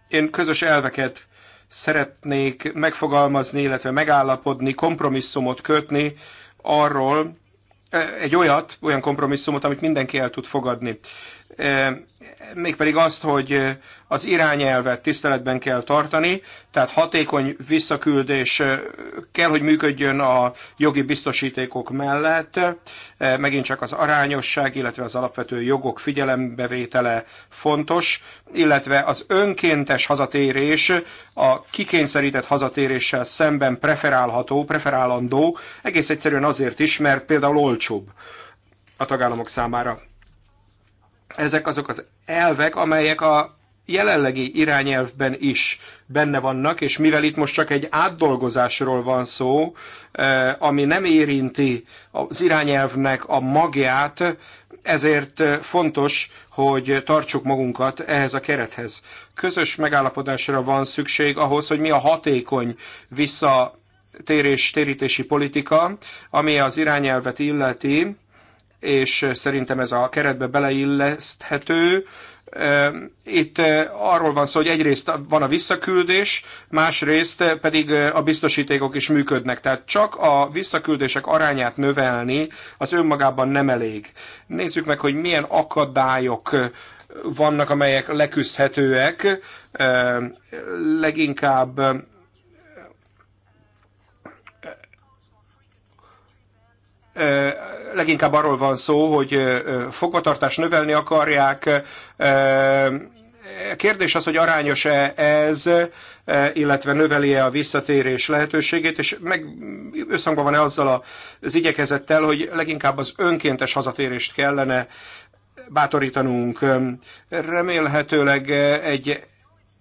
én közös elveket szeretnék megfogalmazni, illetve megállapodni, kompromisszumot kötni arról, eh, egy olyat, olyan kompromisszumot, amit mindenki el tud fogadni mégpedig azt, hogy az irányelvet tiszteletben kell tartani, tehát hatékony visszaküldés kell, hogy működjön a jogi biztosítékok mellett, megint csak az arányosság, illetve az alapvető jogok figyelembevétele fontos, illetve az önkéntes hazatérés a kikényszerített hazatéréssel szemben preferálható, preferálandó, egész egyszerűen azért is, mert például olcsóbb a tagállamok számára. Ezek azok az elvek, amelyek a jelenlegi irányelvben is benne vannak, és mivel itt most csak egy átdolgozásról van szó, eh, ami nem érinti az irányelvnek a magját, ezért eh, fontos, hogy tartsuk magunkat ehhez a kerethez. Közös megállapodásra van szükség ahhoz, hogy mi a hatékony visszatérés térítési politika, ami az irányelvet illeti, és szerintem ez a keretbe beleilleszthető. Itt arról van szó, hogy egyrészt van a visszaküldés, másrészt pedig a biztosítékok is működnek. Tehát csak a visszaküldések arányát növelni az önmagában nem elég. Nézzük meg, hogy milyen akadályok vannak, amelyek leküzdhetőek. Leginkább leginkább arról van szó, hogy fogvatartást növelni akarják. Kérdés az, hogy arányos-e ez, illetve növeli-e a visszatérés lehetőségét, és meg összhangban van-e azzal az igyekezettel, hogy leginkább az önkéntes hazatérést kellene bátorítanunk. Remélhetőleg egy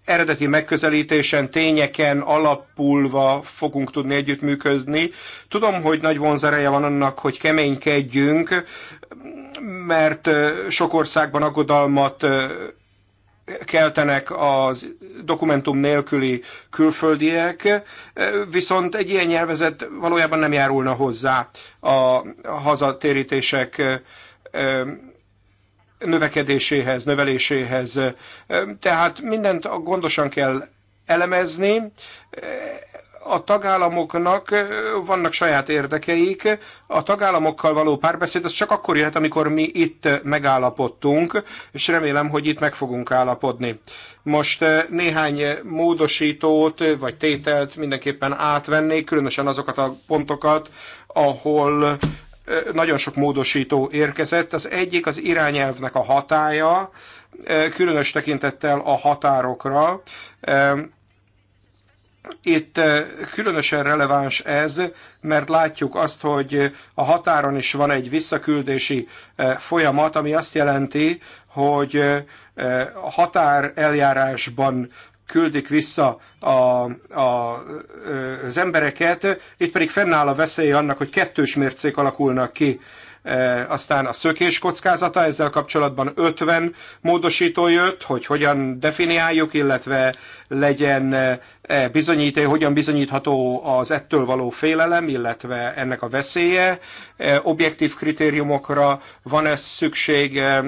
eredeti megközelítésen, tényeken alapulva fogunk tudni együttműködni. Tudom, hogy nagy vonzereje van annak, hogy keménykedjünk, mert sok országban aggodalmat keltenek az dokumentum nélküli külföldiek, viszont egy ilyen nyelvezet valójában nem járulna hozzá a hazatérítések növekedéséhez, növeléséhez. Tehát mindent gondosan kell elemezni. A tagállamoknak vannak saját érdekeik, a tagállamokkal való párbeszéd az csak akkor jöhet, amikor mi itt megállapodtunk, és remélem, hogy itt meg fogunk állapodni. Most néhány módosítót vagy tételt mindenképpen átvennék, különösen azokat a pontokat, ahol nagyon sok módosító érkezett. Az egyik az irányelvnek a hatája, e, különös tekintettel a határokra. E, itt e, különösen releváns ez, mert látjuk azt, hogy a határon is van egy visszaküldési folyamat, ami azt jelenti, hogy határ eljárásban küldik vissza a, a, az embereket, itt pedig fennáll a veszély annak, hogy kettős mércék alakulnak ki. E, aztán a szökés kockázata, ezzel kapcsolatban 50 módosító jött, hogy hogyan definiáljuk, illetve legyen E bizonyít, hogyan bizonyítható az ettől való félelem, illetve ennek a veszélye. E objektív kritériumokra van-e szükség, e,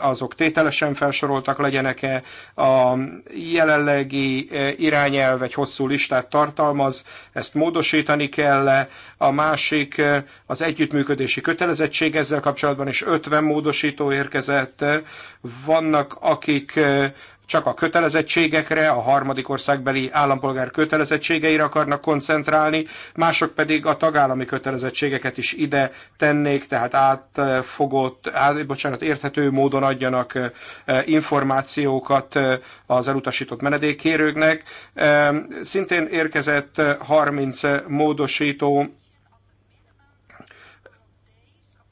azok tételesen felsoroltak legyenek-e. A jelenlegi irányelv egy hosszú listát tartalmaz, ezt módosítani kell -e. A másik az együttműködési kötelezettség ezzel kapcsolatban is 50 módosító érkezett. Vannak, akik csak a kötelezettségekre, a harmadik országbeli állampolgár kötelezettségeire akarnak koncentrálni, mások pedig a tagállami kötelezettségeket is ide tennék, tehát átfogott, át, bocsánat, érthető módon adjanak e, információkat e, az elutasított menedékkérőknek. E, szintén érkezett 30 módosító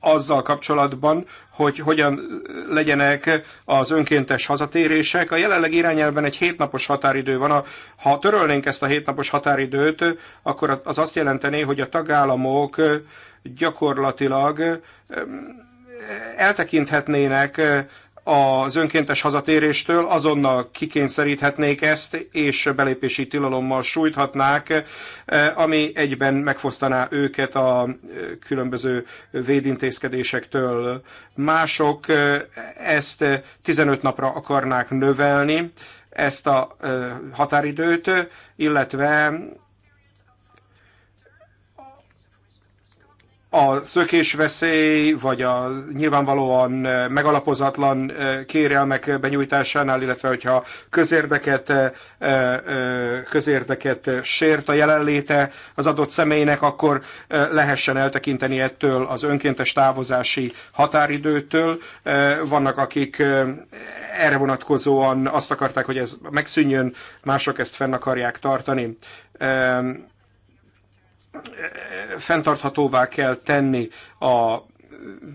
azzal kapcsolatban, hogy hogyan legyenek az önkéntes hazatérések. A jelenleg irányelven egy hétnapos határidő van. Ha törölnénk ezt a hétnapos határidőt, akkor az azt jelentené, hogy a tagállamok gyakorlatilag eltekinthetnének az önkéntes hazatéréstől, azonnal kikényszeríthetnék ezt, és belépési tilalommal sújthatnák, eh, ami egyben megfosztaná őket a eh, különböző védintézkedésektől. Mások eh, ezt 15 napra akarnák növelni, ezt a határidőt, illetve a szökésveszély, vagy a nyilvánvalóan megalapozatlan kérelmek benyújtásánál, illetve hogyha közérdeket, közérdeket sért a jelenléte az adott személynek, akkor lehessen eltekinteni ettől az önkéntes távozási határidőtől. Vannak, akik erre vonatkozóan azt akarták, hogy ez megszűnjön, mások ezt fenn akarják tartani fenntarthatóvá kell tenni a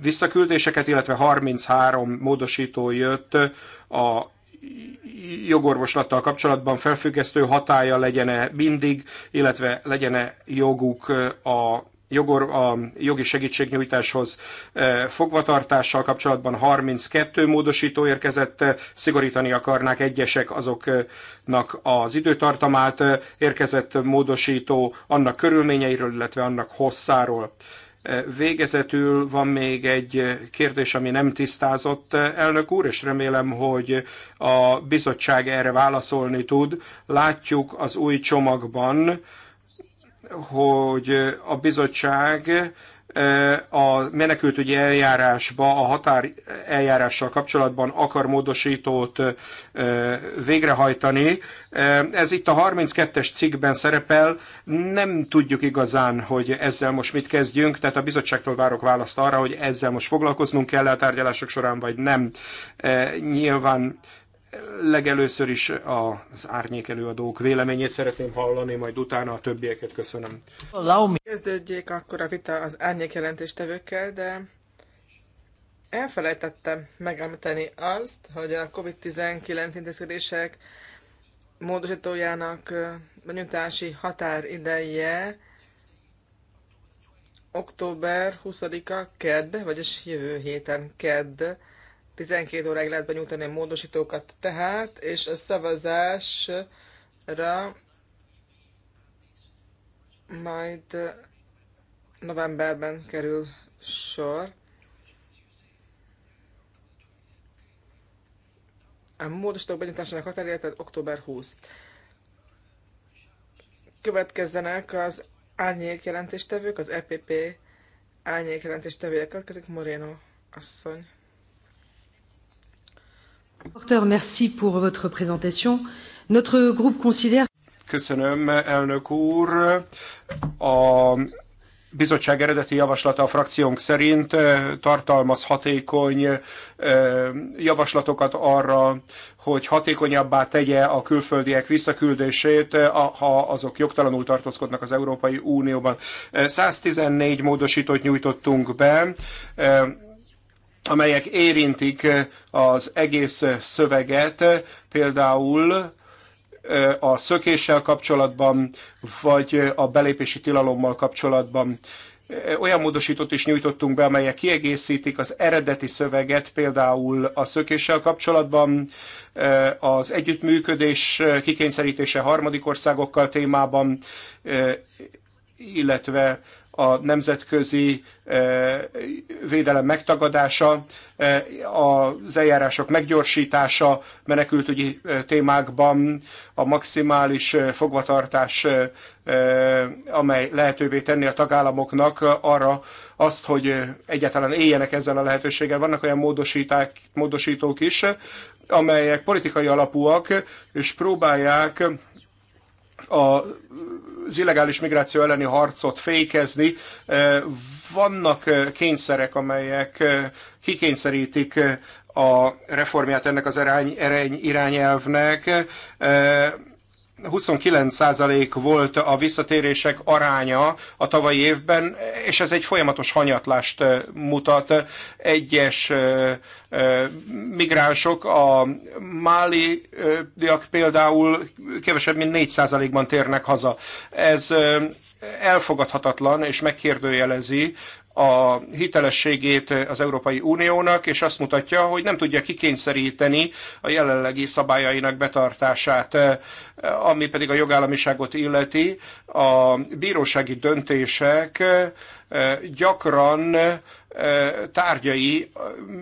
visszaküldéseket, illetve 33 módosító jött a jogorvoslattal kapcsolatban felfüggesztő hatája legyen -e mindig, illetve legyen -e joguk a jogor, a jogi segítségnyújtáshoz eh, fogvatartással kapcsolatban 32 módosító érkezett, eh, szigorítani akarnák egyesek azoknak az időtartamát, eh, érkezett módosító annak körülményeiről, illetve annak hosszáról. Végezetül van még egy kérdés, ami nem tisztázott, elnök úr, és remélem, hogy a bizottság erre válaszolni tud. Látjuk az új csomagban, hogy a bizottság a menekültügyi eljárásba, a határ eljárással kapcsolatban akar módosítót végrehajtani. Ez itt a 32-es cikkben szerepel, nem tudjuk igazán, hogy ezzel most mit kezdjünk, tehát a bizottságtól várok választ arra, hogy ezzel most foglalkoznunk kell a tárgyalások során, vagy nem. Nyilván legelőször is az árnyék előadók véleményét szeretném hallani, majd utána a többieket köszönöm. Kezdődjék akkor a vita az árnyék jelentéstevőkkel, de elfelejtettem megemlíteni azt, hogy a COVID-19 intézkedések módosítójának benyújtási határideje október 20-a kedd, vagyis jövő héten kedd 12 óráig lehet benyújtani a módosítókat tehát, és a szavazásra majd novemberben kerül sor. A módosítók benyújtásának határideje, tehát október 20. Következzenek az árnyék jelentéstevők, az EPP árnyék jelentéstevője következik, Moreno asszony. Köszönöm, elnök úr. A bizottság eredeti javaslata a frakciónk szerint tartalmaz hatékony javaslatokat arra, hogy hatékonyabbá tegye a külföldiek visszaküldését, ha azok jogtalanul tartózkodnak az Európai Unióban. 114 módosítót nyújtottunk be amelyek érintik az egész szöveget, például a szökéssel kapcsolatban, vagy a belépési tilalommal kapcsolatban. Olyan módosítót is nyújtottunk be, amelyek kiegészítik az eredeti szöveget, például a szökéssel kapcsolatban, az együttműködés kikényszerítése harmadik országokkal témában, illetve a nemzetközi e, védelem megtagadása, e, az eljárások meggyorsítása menekültügyi e, témákban, a maximális fogvatartás, amely lehetővé tenni a tagállamoknak arra azt, hogy egyáltalán éljenek ezzel a lehetőséggel. Vannak olyan módosíták, módosítók is, amelyek politikai alapúak, és próbálják az illegális migráció elleni harcot fékezni. Eh, vannak eh, kényszerek, amelyek eh, kikényszerítik a reformját ennek az irány, irány, irányelvnek 29% volt a visszatérések aránya a tavalyi évben, és ez egy folyamatos hanyatlást mutat. Egyes migránsok, a máliak például kevesebb, mint 4%-ban térnek haza. Ez elfogadhatatlan, és megkérdőjelezi a hitelességét az Európai Uniónak, és azt mutatja, hogy nem tudja kikényszeríteni a jelenlegi szabályainak betartását, ami pedig a jogállamiságot illeti. A bírósági döntések e, gyakran e, tárgyai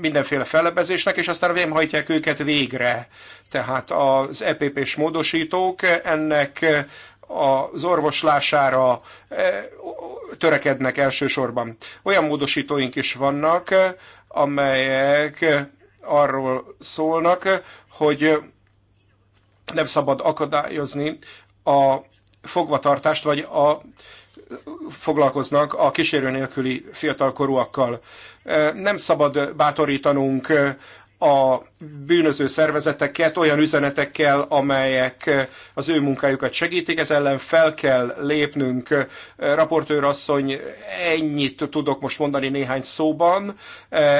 mindenféle fellebezésnek, és aztán nem hajtják őket végre. Tehát az EPP-s módosítók ennek az orvoslására e, törekednek elsősorban. Olyan módosítóink is vannak, e, amelyek arról szólnak, hogy nem szabad akadályozni a fogvatartást, vagy a foglalkoznak a kísérő nélküli fiatalkorúakkal. E, nem szabad bátorítanunk a bűnöző szervezeteket olyan üzenetekkel, amelyek az ő munkájukat segítik, ez ellen fel kell lépnünk. Raportőr asszony, ennyit tudok most mondani néhány szóban.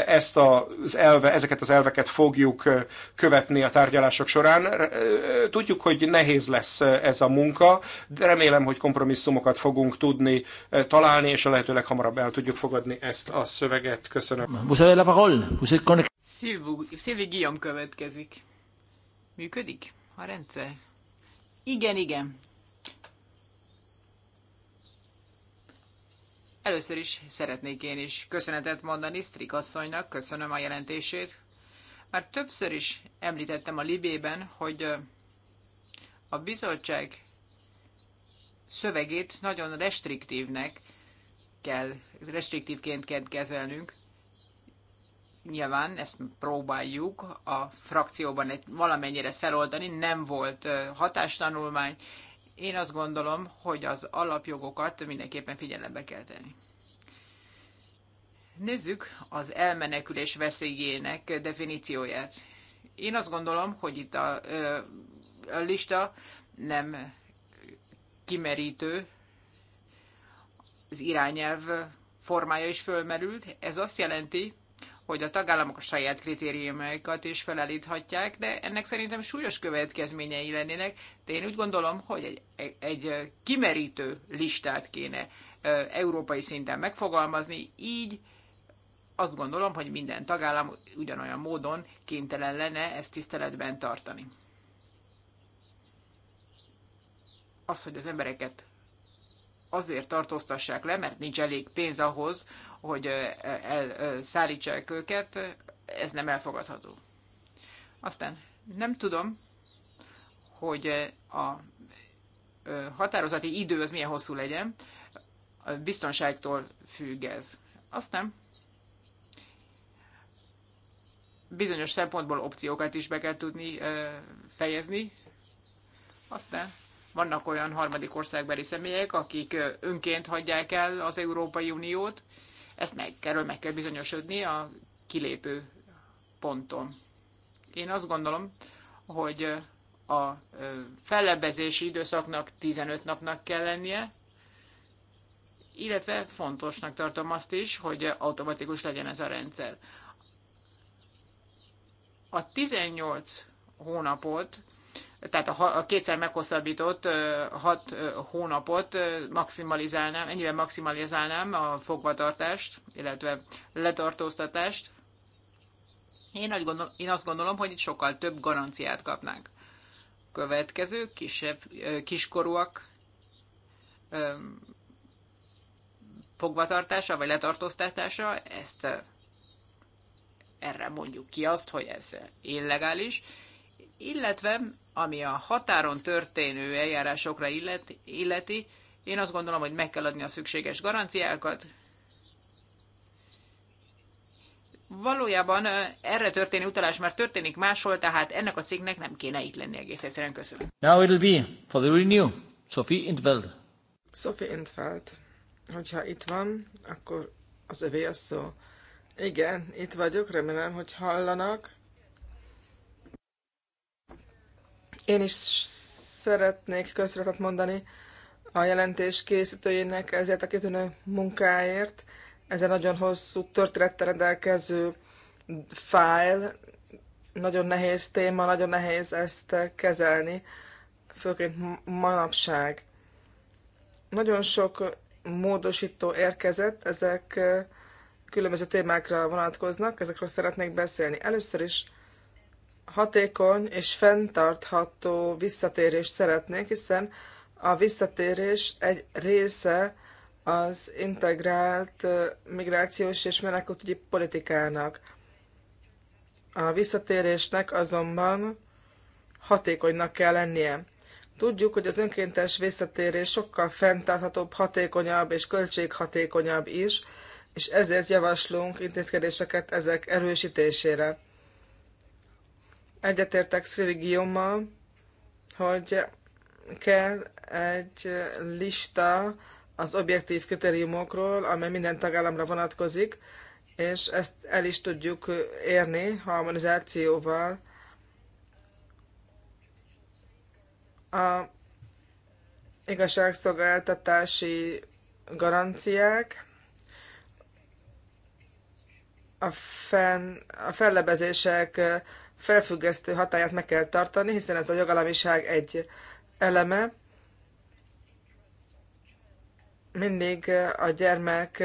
Ezt az elve, ezeket az elveket fogjuk követni a tárgyalások során. Tudjuk, hogy nehéz lesz ez a munka, de remélem, hogy kompromisszumokat fogunk tudni találni, és a lehetőleg hamarabb el tudjuk fogadni ezt a szöveget. Köszönöm. Vous Szilvi Guillaume következik. Működik a rendszer? Igen, igen. Először is szeretnék én is köszönetet mondani Strik asszonynak, köszönöm a jelentését. Már többször is említettem a Libében, hogy a bizottság szövegét nagyon restriktívnek kell, restriktívként kell kezelnünk nyilván ezt próbáljuk a frakcióban egy, valamennyire ezt feloldani, nem volt hatástanulmány. Én azt gondolom, hogy az alapjogokat mindenképpen figyelembe kell tenni. Nézzük az elmenekülés veszélyének definícióját. Én azt gondolom, hogy itt a, a lista nem kimerítő, az irányelv formája is fölmerült. Ez azt jelenti, hogy a tagállamok a saját kritériumaikat is felállíthatják, de ennek szerintem súlyos következményei lennének, de én úgy gondolom, hogy egy, egy kimerítő listát kéne európai szinten megfogalmazni, így azt gondolom, hogy minden tagállam ugyanolyan módon kénytelen lenne ezt tiszteletben tartani. Az, hogy az embereket azért tartóztassák le, mert nincs elég pénz ahhoz, hogy elszállítsák őket, ez nem elfogadható. Aztán nem tudom, hogy a határozati idő az milyen hosszú legyen, a biztonságtól függ ez. Aztán bizonyos szempontból opciókat is be kell tudni fejezni. Aztán vannak olyan harmadik országbeli személyek, akik önként hagyják el az Európai Uniót, ezt meg, erről meg kell bizonyosodni a kilépő ponton. Én azt gondolom, hogy a fellebbezési időszaknak 15 napnak kell lennie, illetve fontosnak tartom azt is, hogy automatikus legyen ez a rendszer. A 18 hónapot tehát a, a kétszer meghosszabbított hat hónapot maximalizálnám, ennyiben maximalizálnám a fogvatartást, illetve letartóztatást. Én, gondolom, én azt gondolom, hogy itt sokkal több garanciát kapnánk. Következő, kisebb, kiskorúak fogvatartása vagy letartóztatása, ezt erre mondjuk ki azt, hogy ez illegális, illetve ami a határon történő eljárásokra illet, illeti, én azt gondolom, hogy meg kell adni a szükséges garanciákat. Valójában eh, erre történő utalás már történik máshol, tehát ennek a cégnek nem kéne itt lenni egész egyszerűen. Köszönöm. Now it'll be for the renew, Sophie Intveld. Sophie Intveld. Hogyha itt van, akkor az övé a szó. Igen, itt vagyok, remélem, hogy hallanak. Én is szeretnék köszönetet mondani a jelentés készítőjének ezért a kitűnő munkáért. Ez egy nagyon hosszú történettel rendelkező fájl, nagyon nehéz téma, nagyon nehéz ezt kezelni, főként manapság. Nagyon sok módosító érkezett, ezek különböző témákra vonatkoznak, ezekről szeretnék beszélni. Először is hatékony és fenntartható visszatérést szeretnék, hiszen a visszatérés egy része az integrált migrációs és menekültügyi politikának. A visszatérésnek azonban hatékonynak kell lennie. Tudjuk, hogy az önkéntes visszatérés sokkal fenntarthatóbb, hatékonyabb és költséghatékonyabb is, és ezért javaslunk intézkedéseket ezek erősítésére. Egyetértek Szilvi hogy kell egy lista az objektív kritériumokról, amely minden tagállamra vonatkozik, és ezt el is tudjuk érni harmonizációval. A igazságszolgáltatási garanciák, a, fenn, a fellebezések felfüggesztő hatáját meg kell tartani, hiszen ez a jogalamiság egy eleme. Mindig a gyermek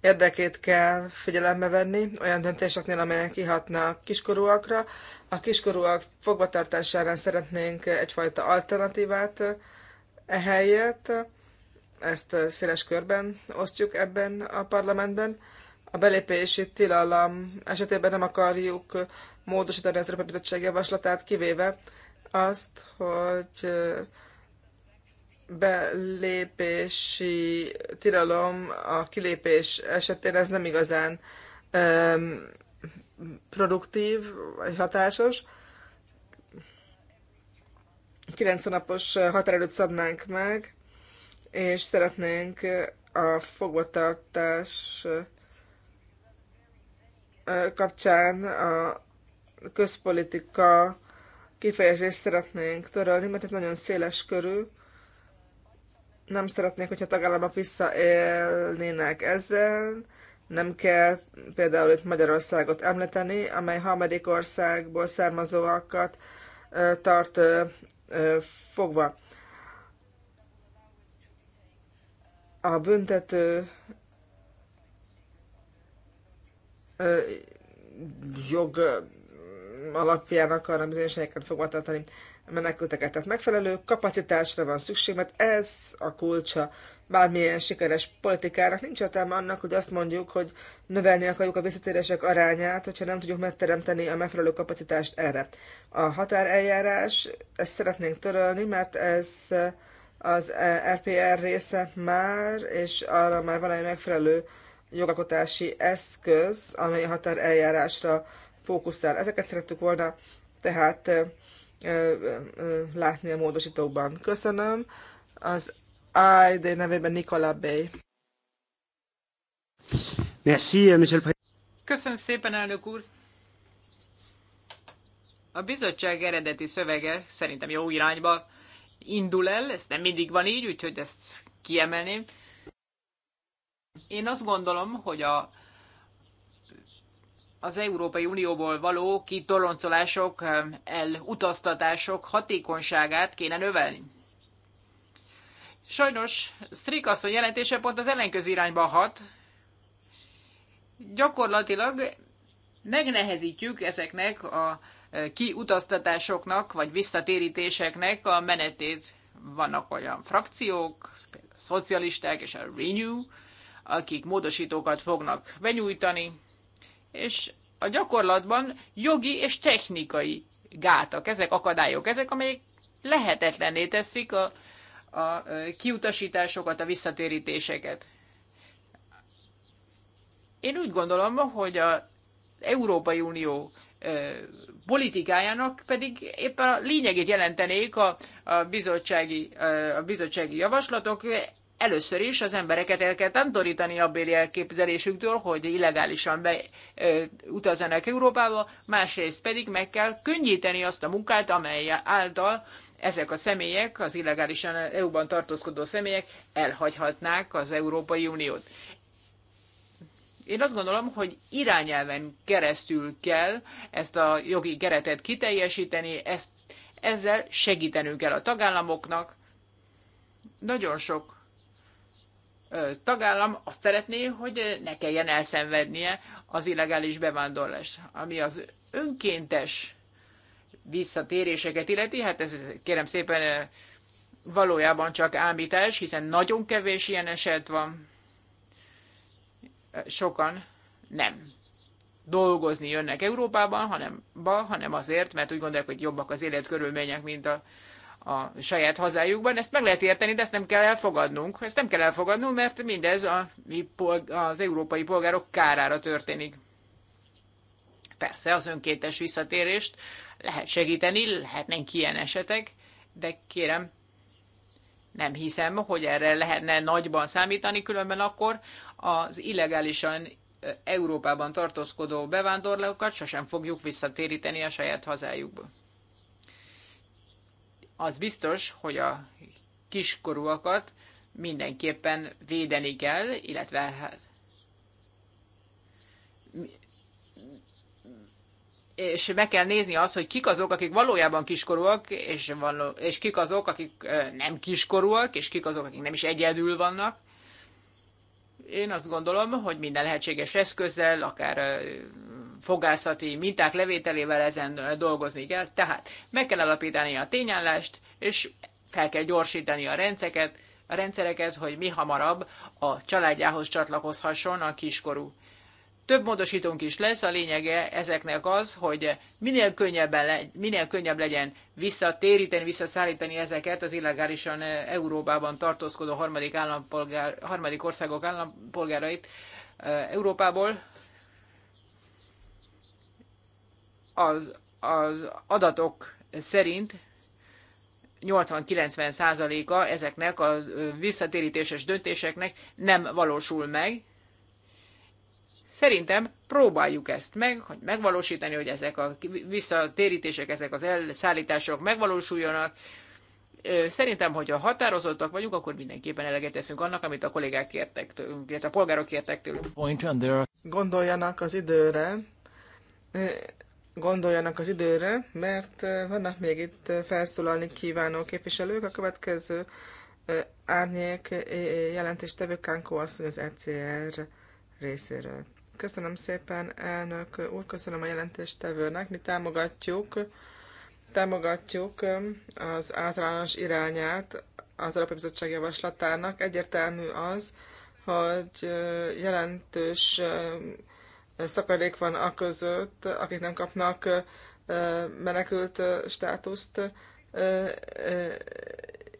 érdekét kell figyelembe venni olyan döntéseknél, amelyek kihatnak kiskorúakra. A kiskorúak fogvatartására szeretnénk egyfajta alternatívát ehelyett. Ezt széles körben osztjuk ebben a parlamentben a belépési tilalom esetében nem akarjuk módosítani az Európai Bizottság javaslatát, kivéve azt, hogy belépési tilalom a kilépés esetén ez nem igazán um, produktív vagy hatásos. 9 napos határidőt szabnánk meg, és szeretnénk a fogvatartás kapcsán a közpolitika kifejezést szeretnénk törölni, mert ez nagyon széles körű. Nem szeretnék, hogyha tagállamok visszaélnének ezzel. Nem kell például itt Magyarországot említeni, amely harmadik országból származóakat tart fogva. A büntető jog alapján akarna bizonyos helyeket fogvatartani menekülteket. Tehát megfelelő kapacitásra van szükség, mert ez a kulcsa bármilyen sikeres politikának. Nincs értelme annak, hogy azt mondjuk, hogy növelni akarjuk a visszatérések arányát, hogyha nem tudjuk megteremteni a megfelelő kapacitást erre. A határeljárás, ezt szeretnénk törölni, mert ez az RPR része már, és arra már van egy megfelelő jogalkotási eszköz, amely a határ eljárásra fókuszál. Ezeket szerettük volna tehát látni a módosítókban. Köszönöm. Az AID nevében Nikola Bay. Euh, Köszönöm szépen, elnök úr. A bizottság eredeti szövege szerintem jó irányba indul el, ez nem mindig van így, úgyhogy ezt kiemelném. Én azt gondolom, hogy a, az Európai Unióból való kitoloncolások, elutaztatások hatékonyságát kéne növelni. Sajnos Strik jelentése pont az ellenkező irányba hat. Gyakorlatilag megnehezítjük ezeknek a e, kiutaztatásoknak, vagy visszatérítéseknek a menetét. Vannak olyan frakciók, például a szocialisták és a Renew, akik módosítókat fognak benyújtani, és a gyakorlatban jogi és technikai gátak, ezek akadályok, ezek, amelyek lehetetlenné teszik a, a kiutasításokat, a visszatérítéseket. Én úgy gondolom, hogy a Európai Unió politikájának pedig éppen a lényegét jelentenék a, a, bizottsági, a bizottsági javaslatok először is az embereket el kell tantorítani a béli elképzelésüktől, hogy illegálisan be, ö, utazzanak Európába, másrészt pedig meg kell könnyíteni azt a munkát, amely által ezek a személyek, az illegálisan EU-ban tartózkodó személyek elhagyhatnák az Európai Uniót. Én azt gondolom, hogy irányelven keresztül kell ezt a jogi keretet kiteljesíteni, ezt, ezzel segítenünk kell a tagállamoknak. Nagyon sok tagállam azt szeretné, hogy ne kelljen elszenvednie az illegális bevándorlást. Ami az önkéntes visszatéréseket illeti, hát ez kérem szépen valójában csak ámítás, hiszen nagyon kevés ilyen eset van. Sokan nem dolgozni jönnek Európában, hanem, ba, hanem azért, mert úgy gondolják, hogy jobbak az életkörülmények, mint a a saját hazájukban. Ezt meg lehet érteni, de ezt nem kell elfogadnunk. Ezt nem kell elfogadnunk, mert mindez a, az európai polgárok kárára történik. Persze az önkéntes visszatérést lehet segíteni, lehetnek ilyen esetek, de kérem, nem hiszem, hogy erre lehetne nagyban számítani, különben akkor az illegálisan Európában tartózkodó bevándorlókat sosem fogjuk visszatéríteni a saját hazájukba az biztos, hogy a kiskorúakat mindenképpen védeni kell, illetve hát, és meg kell nézni azt, hogy kik azok, akik valójában kiskorúak, és, van, és kik azok, akik nem kiskorúak, és kik azok, akik nem is egyedül vannak. Én azt gondolom, hogy minden lehetséges eszközzel, akár fogászati minták levételével ezen dolgozni kell. Tehát meg kell alapítani a tényállást, és fel kell gyorsítani a rendszeket, a rendszereket, hogy mi hamarabb a családjához csatlakozhasson a kiskorú. Több módosítónk is lesz, a lényege ezeknek az, hogy minél, könnyebben le, minél könnyebb legyen visszatéríteni, visszaszállítani ezeket az illegálisan Európában tartózkodó harmadik, állampolgár, harmadik országok állampolgárait Európából, az, az adatok szerint 80-90 százaléka ezeknek a visszatérítéses döntéseknek nem valósul meg. Szerintem próbáljuk ezt meg, hogy megvalósítani, hogy ezek a visszatérítések, ezek az elszállítások megvalósuljanak. Szerintem, hogyha határozottak vagyunk, akkor mindenképpen eleget teszünk annak, amit a kollégák kértek tőlünk, illetve a polgárok kértek tőlünk. Gondoljanak az időre gondoljanak az időre, mert vannak még itt felszólalni kívánó képviselők. A következő árnyék jelentéstevő Kánkó asszony az ECR részéről. Köszönöm szépen, elnök úr, köszönöm a tevőnek. Mi támogatjuk, támogatjuk az általános irányát az Alapbizottság javaslatának. Egyértelmű az, hogy jelentős szakadék van a között, akik nem kapnak menekült státuszt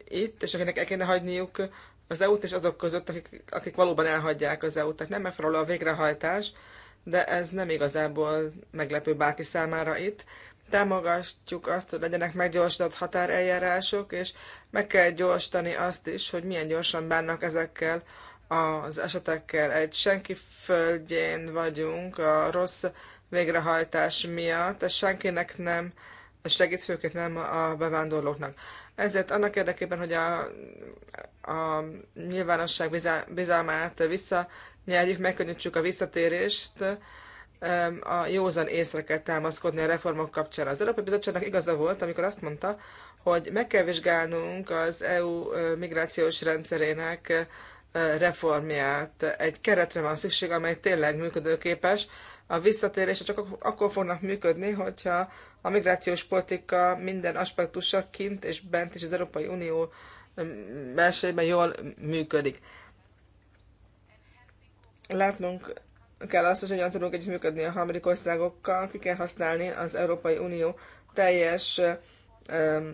itt, és akinek el kéne hagyniuk az EU-t, és azok között, akik, akik valóban elhagyják az EU-t. Tehát nem megfelelő a végrehajtás, de ez nem igazából meglepő bárki számára itt. Támogatjuk azt, hogy legyenek meggyorsított határeljárások, és meg kell gyorsítani azt is, hogy milyen gyorsan bánnak ezekkel az esetekkel. Egy senki földjén vagyunk a rossz végrehajtás miatt, ez senkinek nem segít, főként nem a bevándorlóknak. Ezért annak érdekében, hogy a, a nyilvánosság bizalmát visszanyerjük, megkönnyítsük a visszatérést, a józan észre kell támaszkodni a reformok kapcsán. Az Európai Bizottságnak igaza volt, amikor azt mondta, hogy meg kell vizsgálnunk az EU migrációs rendszerének reformját. Egy keretre van szükség, amely tényleg működőképes. A visszatérése csak akkor fognak működni, hogyha a migrációs politika minden aspektusa kint és bent is az Európai Unió belsejében jól működik. Látnunk kell azt, hogy hogyan tudunk együttműködni a harmadik országokkal, ki kell használni az Európai Unió teljes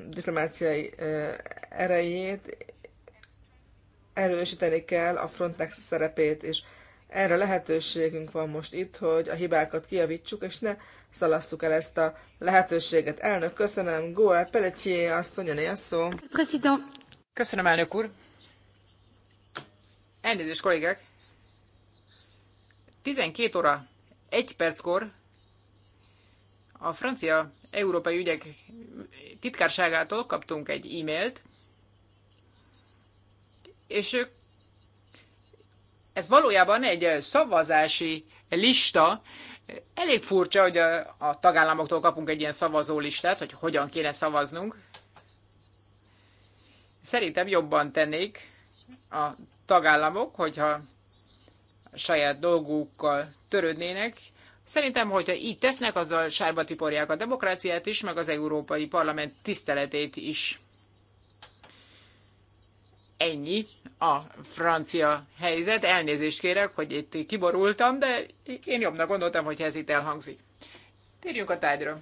diplomáciai eh, erejét, erősíteni kell a Frontex szerepét és Erre lehetőségünk van most itt, hogy a hibákat kiavítsuk, és ne szalasszuk el ezt a lehetőséget. Elnök, köszönöm. Goel Pelletier, mondja, a szó. Köszönöm, elnök úr. Elnézést, kollégák. 12 óra 1 perckor a francia európai ügyek titkárságától kaptunk egy e-mailt, és ők ez valójában egy szavazási lista. Elég furcsa, hogy a, a tagállamoktól kapunk egy ilyen szavazó listát, hogy hogyan kéne szavaznunk. Szerintem jobban tennék a tagállamok, hogyha a saját dolgukkal törődnének. Szerintem, hogyha így tesznek, azzal sárba tiporják a demokráciát is, meg az Európai Parlament tiszteletét is ennyi a francia helyzet. Elnézést kérek, hogy itt kiborultam, de én jobbnak gondoltam, hogy ez itt elhangzik. Térjünk a tárgyra.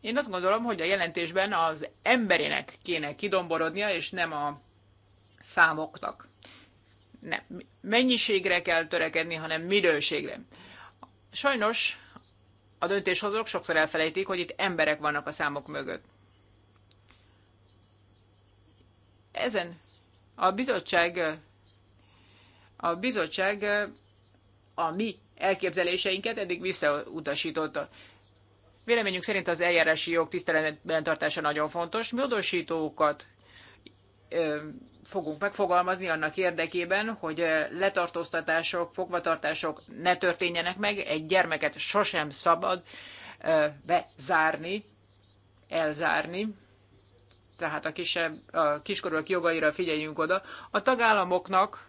Én azt gondolom, hogy a jelentésben az emberének kéne kidomborodnia, és nem a számoknak. Nem mennyiségre kell törekedni, hanem minőségre. Sajnos a döntéshozók sokszor elfelejtik, hogy itt emberek vannak a számok mögött. Ezen a bizottság, a bizottság a mi elképzeléseinket eddig visszautasította. Véleményünk szerint az eljárási jog tiszteletben tartása nagyon fontos. Módosítókat fogunk megfogalmazni annak érdekében, hogy letartóztatások, fogvatartások ne történjenek meg, egy gyermeket sosem szabad bezárni, elzárni tehát a, kisebb, a kiskorúak jogaira figyeljünk oda. A tagállamoknak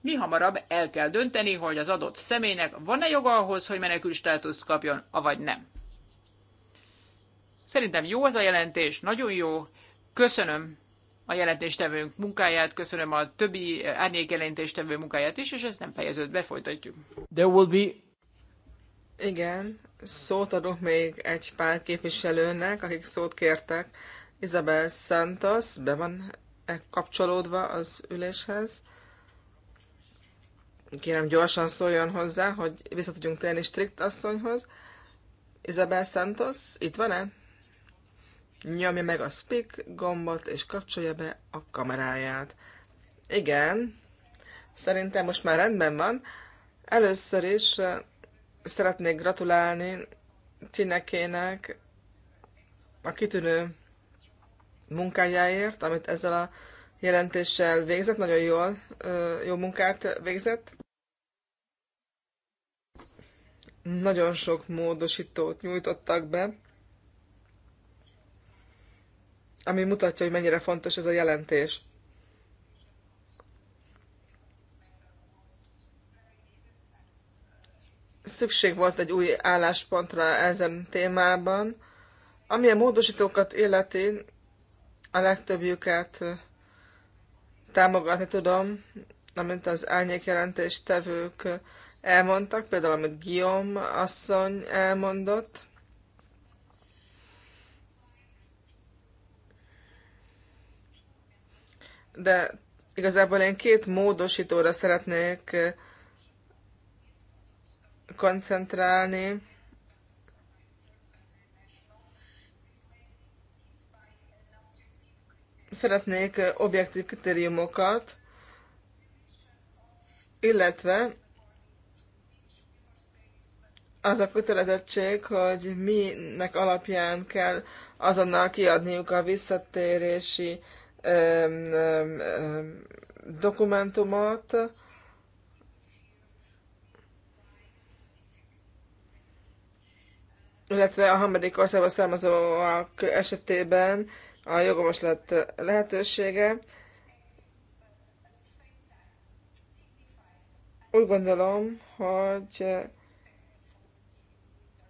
mi hamarabb el kell dönteni, hogy az adott személynek van-e joga ahhoz, hogy menekül státuszt kapjon, avagy nem. Szerintem jó az a jelentés, nagyon jó. Köszönöm a jelentéstevőnk munkáját, köszönöm a többi árnyék jelentéstevő munkáját is, és ezt nem fejeződ be, folytatjuk. There will be... Igen, szót adok még egy pár képviselőnek, akik szót kértek. Isabel Santos be van -e kapcsolódva az üléshez. Kérem, gyorsan szóljon hozzá, hogy vissza tudjunk térni strikt asszonyhoz. Isabel Santos, itt van-e? Nyomja meg a speak gombot, és kapcsolja be a kameráját. Igen, szerintem most már rendben van. Először is szeretnék gratulálni Csinekének a kitűnő munkájáért, amit ezzel a jelentéssel végzett, nagyon jól, jó munkát végzett. Nagyon sok módosítót nyújtottak be, ami mutatja, hogy mennyire fontos ez a jelentés. szükség volt egy új álláspontra ezen témában. Ami a módosítókat illeti, a legtöbbjüket támogatni tudom, amint az árnyékjelentés tevők elmondtak, például amit Guillaume asszony elmondott. De igazából én két módosítóra szeretnék koncentrálni. Szeretnék objektív kritériumokat, illetve az a kötelezettség, hogy minek alapján kell azonnal kiadniuk a visszatérési dokumentumot, illetve a harmadik országban származóak esetében a jogomoslat lehetősége. Úgy gondolom, hogy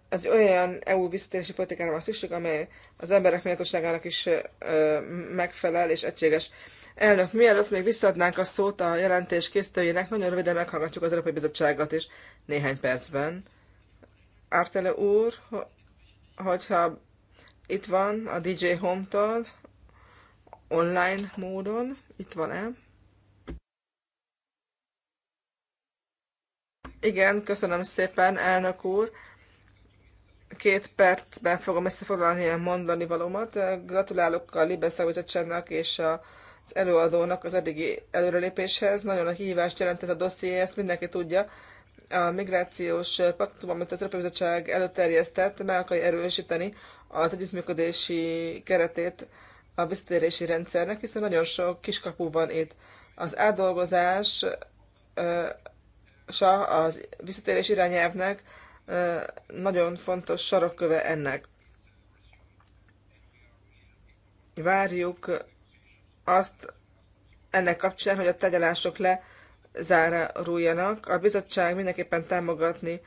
egy olyan EU visszatérési politikára van szükség, amely az emberek méltóságának is megfelel és egységes. Elnök, mielőtt még visszaadnánk a szót a jelentés készítőjének, nagyon röviden meghallgatjuk az Európai Bizottságot is néhány percben. Ártele úr, hogyha itt van a DJ Home-tól, online módon, itt van-e? Igen, köszönöm szépen, elnök úr. Két percben fogom összefoglalni a mondani valómat. Gratulálok a Libe Szakbizottságnak és az előadónak az eddigi előrelépéshez. Nagyon a hívást jelent ez a dosszié, ezt mindenki tudja a migrációs paktum, amit az Európai Bizottság előterjesztett, meg akarja erősíteni az együttműködési keretét a visszatérési rendszernek, hiszen nagyon sok kiskapu van itt. Az átdolgozás az visszatérés irányelvnek nagyon fontos sarokköve ennek. Várjuk azt ennek kapcsán, hogy a tegyelások le záruljanak. A bizottság mindenképpen támogatni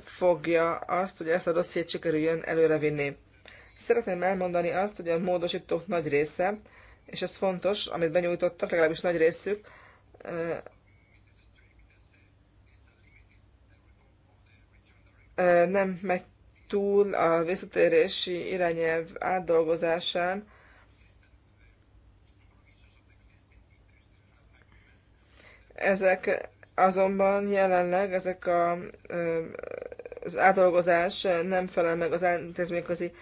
fogja azt, hogy ezt a dossziét sikerüljön előrevinni. Szeretném elmondani azt, hogy a módosítók nagy része, és ez fontos, amit benyújtottak, legalábbis nagy részük, nem megy túl a visszatérési irányelv átdolgozásán, Ezek azonban jelenleg ezek a, az átdolgozás nem felel meg az intézményközi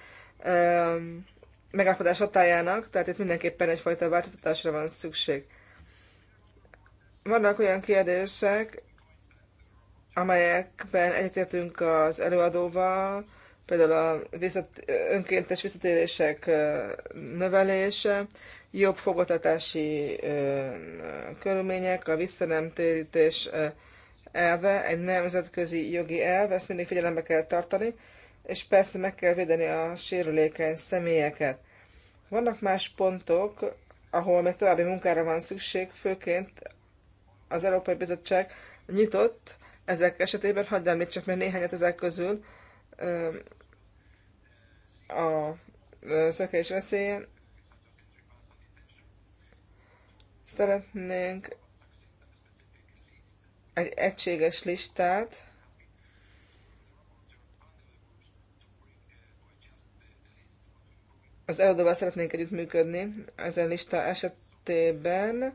megállapodás hatájának, tehát itt mindenképpen egyfajta változtatásra van szükség. Vannak olyan kérdések, amelyekben egyetértünk az előadóval, például a visszat, önkéntes visszatérések növelése, jobb fogadatási körülmények, a visszanemtérítés elve, egy nemzetközi jogi elv, ezt mindig figyelembe kell tartani, és persze meg kell védeni a sérülékeny személyeket. Vannak más pontok, ahol még további munkára van szükség, főként az Európai Bizottság nyitott ezek esetében, hagyd említsek még néhányat ezek közül, a szökés veszélyén. Szeretnénk egy egységes listát, az eladóval szeretnénk együttműködni ezen lista esetében.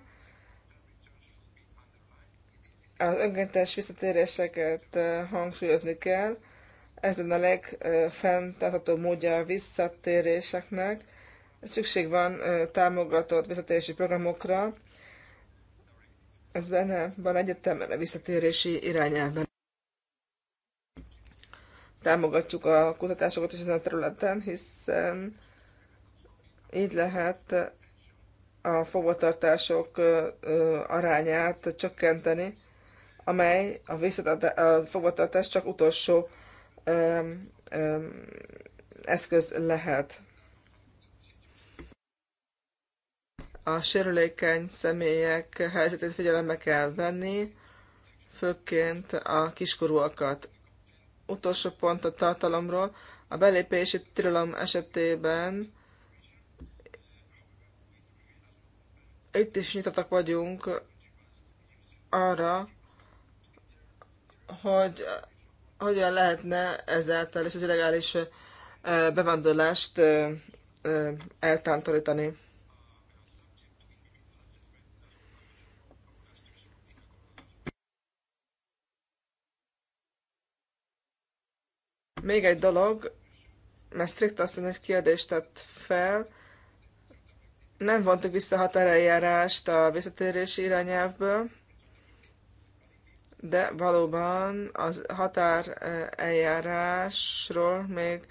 Az önkéntes visszatéréseket hangsúlyozni kell, ez lenne a legfenntarthatóbb módja a visszatéréseknek. Szükség van támogatott visszatérési programokra. Ez benne van egyetemben a visszatérési irányelvben. Támogatjuk a kutatásokat is ezen a területen, hiszen így lehet a fogvatartások arányát csökkenteni, amely a, a fogvatartás csak utolsó ö, ö, eszköz lehet. A sérülékeny személyek helyzetét figyelembe kell venni, főként a kiskorúakat. Utolsó pont a tartalomról. A belépési tilalom esetében itt is nyitottak vagyunk arra, hogy hogyan lehetne ezáltal és az illegális bevándorlást eltántorítani. Még egy dolog, mert strikt azt egy kérdést tett fel, nem vontuk vissza határeljárást a visszatérési irányelvből, de valóban az határ eh, eljárásról még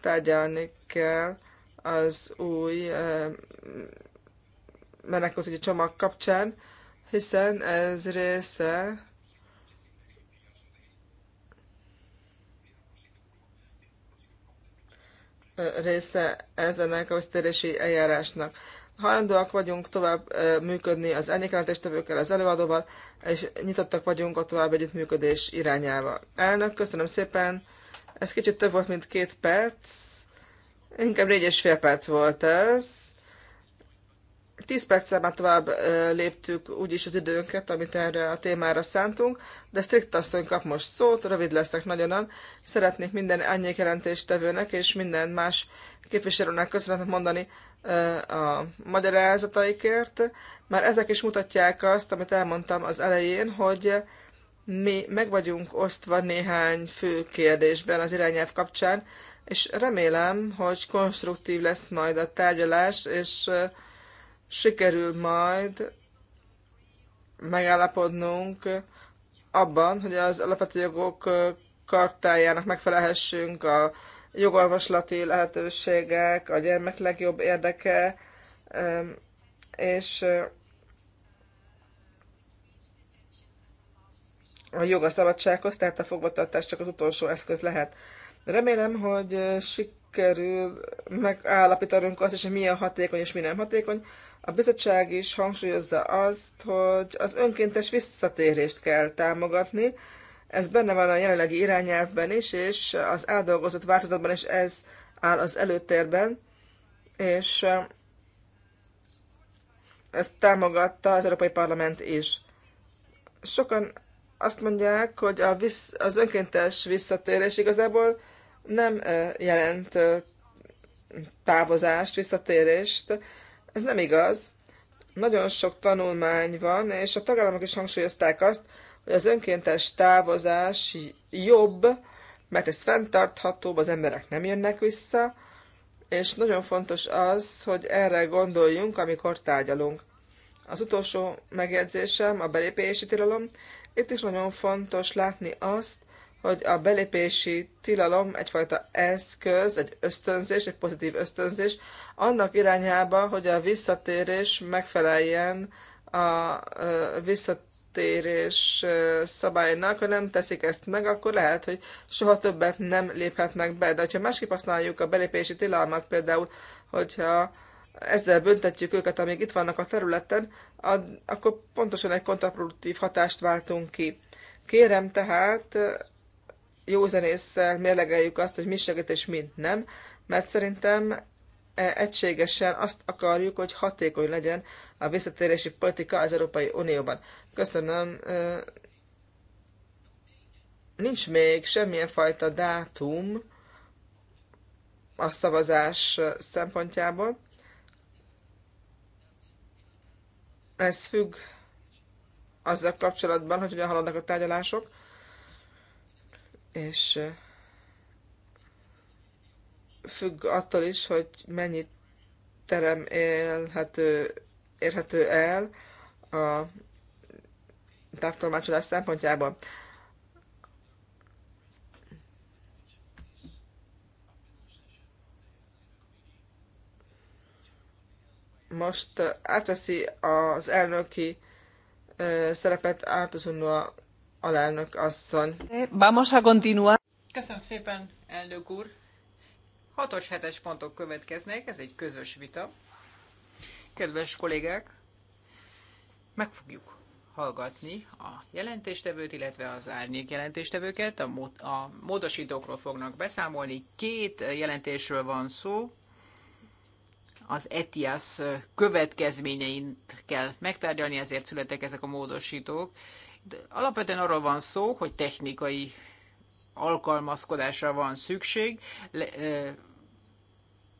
tárgyalni kell az új eh, menekültügyi csomag kapcsán, hiszen ez része része ezenek a visszatérési eljárásnak hajlandóak vagyunk tovább működni az elnyékelentéstevőkkel, az előadóval, és nyitottak vagyunk a tovább együttműködés irányába. Elnök, köszönöm szépen. Ez kicsit több volt, mint két perc. Inkább négy és fél perc volt ez. Tíz perccel már tovább léptük úgyis az időnket, amit erre a témára szántunk, de strikt asszony kap most szót, rövid leszek nagyonan. Szeretnék minden elnyékelentéstevőnek és minden más képviselőnek köszönetet mondani a magyarázataikért. Már ezek is mutatják azt, amit elmondtam az elején, hogy mi meg vagyunk osztva néhány fő kérdésben az irányelv kapcsán, és remélem, hogy konstruktív lesz majd a tárgyalás, és sikerül majd megállapodnunk abban, hogy az alapvető jogok kartájának megfelelhessünk a jogalvaslati lehetőségek, a gyermek legjobb érdeke, és a jog a szabadsághoz, tehát a fogvatartás csak az utolsó eszköz lehet. Remélem, hogy sikerül megállapítanunk azt is, hogy mi a hatékony és mi nem hatékony. A bizottság is hangsúlyozza azt, hogy az önkéntes visszatérést kell támogatni, ez benne van a jelenlegi irányelvben is, és az eldolgozott változatban is ez áll az előtérben, és ezt támogatta az Európai Parlament is. Sokan azt mondják, hogy a visz, az önkéntes visszatérés igazából nem jelent távozást, visszatérést. Ez nem igaz. Nagyon sok tanulmány van, és a tagállamok is hangsúlyozták azt, hogy az önkéntes távozás jobb, mert ez fenntarthatóbb, az emberek nem jönnek vissza, és nagyon fontos az, hogy erre gondoljunk, amikor tárgyalunk. Az utolsó megjegyzésem a belépési tilalom. Itt is nagyon fontos látni azt, hogy a belépési tilalom egyfajta eszköz, egy ösztönzés, egy pozitív ösztönzés annak irányába, hogy a visszatérés megfeleljen a visszatérés visszatérés szabálynak, ha nem teszik ezt meg, akkor lehet, hogy soha többet nem léphetnek be. De ha másképp használjuk a belépési tilalmat, például, hogyha ezzel büntetjük őket, amíg itt vannak a területen, akkor pontosan egy kontraproduktív hatást váltunk ki. Kérem tehát, jó zenésszel mérlegeljük azt, hogy mi segít és mi nem, mert szerintem e, egységesen azt akarjuk, hogy hatékony legyen a visszatérési politika az Európai Unióban. Köszönöm. Nincs még semmilyen fajta dátum a szavazás szempontjából. Ez függ azzal kapcsolatban, hogy hogyan haladnak a tárgyalások, és függ attól is, hogy mennyi terem élhető, érhető el a távtolmácsolás szempontjából. Most átveszi az elnöki szerepet Ártusunua alelnök asszony. Vamos a continuar. Köszönöm szépen, elnök úr. Hatos hetes pontok következnek, ez egy közös vita. Kedves kollégák, meg fogjuk hallgatni a jelentéstevőt, illetve az árnyék jelentéstevőket. A, mód, a módosítókról fognak beszámolni. Két jelentésről van szó. Az ETIAS következményeit kell megtárgyalni, ezért születek ezek a módosítók. De alapvetően arról van szó, hogy technikai alkalmazkodásra van szükség. Le,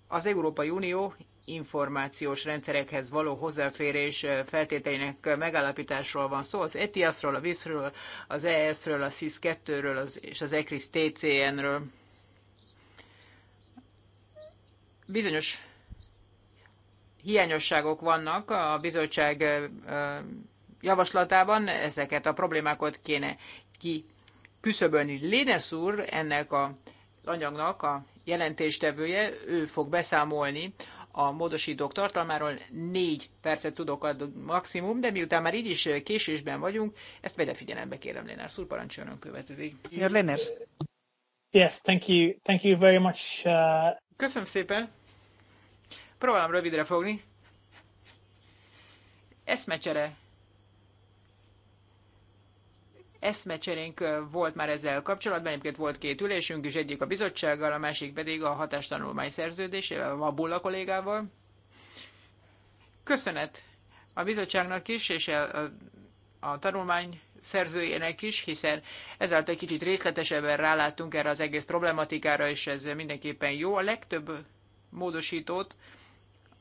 az Európai Unió információs rendszerekhez való hozzáférés feltételeinek megállapításról van szó, az ETIAS-ról, a VIS-ről, az ES-ről, a SIS-2-ről és az ECRIS TCN-ről. Bizonyos hiányosságok vannak a bizottság javaslatában, ezeket a problémákat kéne ki Lénes úr ennek a anyagnak a jelentéstevője, ő fog beszámolni a módosítók tartalmáról, négy percet tudok adni maximum, de miután már így is késésben vagyunk, ezt vegye figyelembe, kérem, Lénárs úr, parancsoljon következik. Sr. Lénárs. Yes, thank you. Thank you very much. Uh... Köszönöm szépen. Próbálom rövidre fogni. Eszmecsere eszmecserénk volt már ezzel kapcsolatban, egyébként volt két ülésünk is, egyik a bizottsággal, a másik pedig a hatástanulmány szerződésével, a Bulla kollégával. Köszönet a bizottságnak is, és a, a tanulmány szerzőjének is, hiszen ezáltal egy kicsit részletesebben rálátunk erre az egész problematikára, és ez mindenképpen jó. A legtöbb módosítót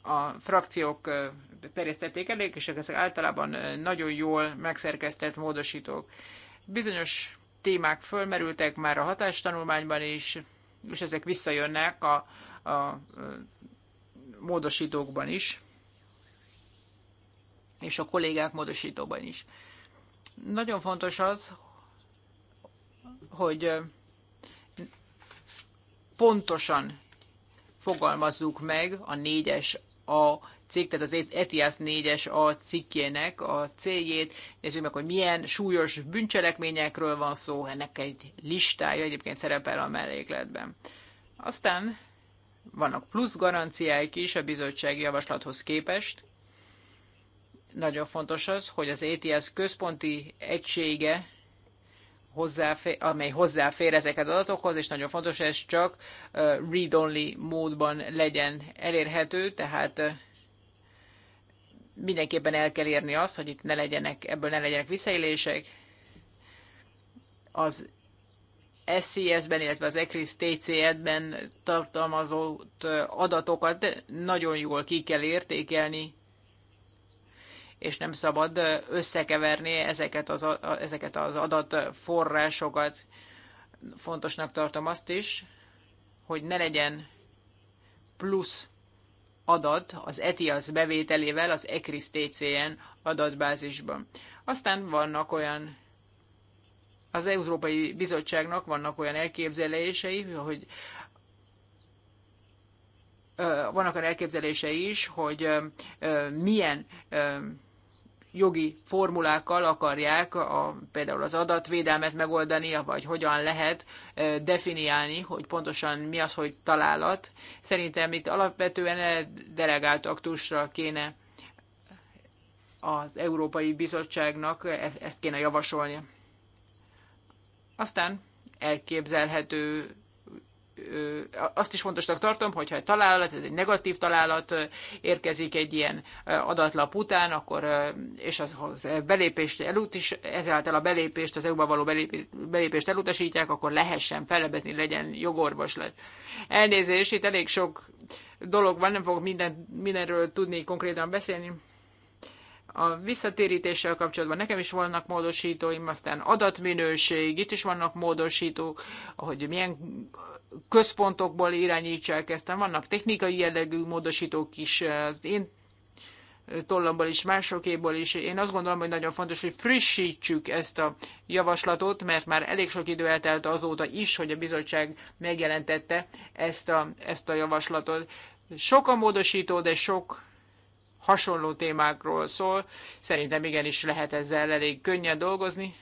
a frakciók terjesztették elég, és ezek általában nagyon jól megszerkesztett módosítók. Bizonyos témák fölmerültek már a hatástanulmányban is, és ezek visszajönnek a, a módosítókban is, és a kollégák módosítóban is. Nagyon fontos az, hogy pontosan fogalmazzuk meg a négyes a cikk, tehát az e- ETIAS 4-es a cikkének a céljét. Nézzük meg, hogy milyen súlyos bűncselekményekről van szó, ennek egy listája egyébként szerepel a mellékletben. Aztán vannak plusz garanciáik is a bizottsági javaslathoz képest. Nagyon fontos az, hogy az ETS központi egysége, hozzáfér, amely hozzáfér ezeket az adatokhoz, és nagyon fontos, hogy ez csak read-only módban legyen elérhető, tehát mindenképpen el kell érni azt, hogy itt ne legyenek, ebből ne legyenek visszaélések. Az SCS-ben, illetve az ECRIS TCS-ben tartalmazott adatokat nagyon jól ki kell értékelni, és nem szabad összekeverni ezeket az, ezeket az adatforrásokat. Fontosnak tartom azt is, hogy ne legyen plusz adat az ETIAS bevételével az ECRIS TCN adatbázisban. Aztán vannak olyan az Európai Bizottságnak vannak olyan elképzelései, hogy vannak olyan elképzelései is, hogy milyen jogi formulákkal akarják a, például az adatvédelmet megoldani, vagy hogyan lehet definiálni, hogy pontosan mi az, hogy találat. Szerintem itt alapvetően e delegált aktusra kéne az Európai Bizottságnak e, ezt kéne javasolni. Aztán elképzelhető azt is fontosnak tartom, hogyha egy találat, egy negatív találat érkezik egy ilyen adatlap után, akkor, és az, az belépést is, ezáltal a belépést, az EU-ba való belépést elutasítják, akkor lehessen felebezni, legyen jogorvoslat. Elnézés, itt elég sok dolog van, nem fogok minden, mindenről tudni konkrétan beszélni. A visszatérítéssel kapcsolatban nekem is vannak módosítóim, aztán adatminőség, itt is vannak módosítók, hogy milyen központokból irányítsák ezt. Vannak technikai jellegű módosítók is, az én tollamból is, másokéból is. Én azt gondolom, hogy nagyon fontos, hogy frissítsük ezt a javaslatot, mert már elég sok idő eltelt azóta is, hogy a bizottság megjelentette ezt a, ezt a javaslatot. Sok a módosító, de sok hasonló témákról szól. Szerintem igenis lehet ezzel elég könnyen dolgozni.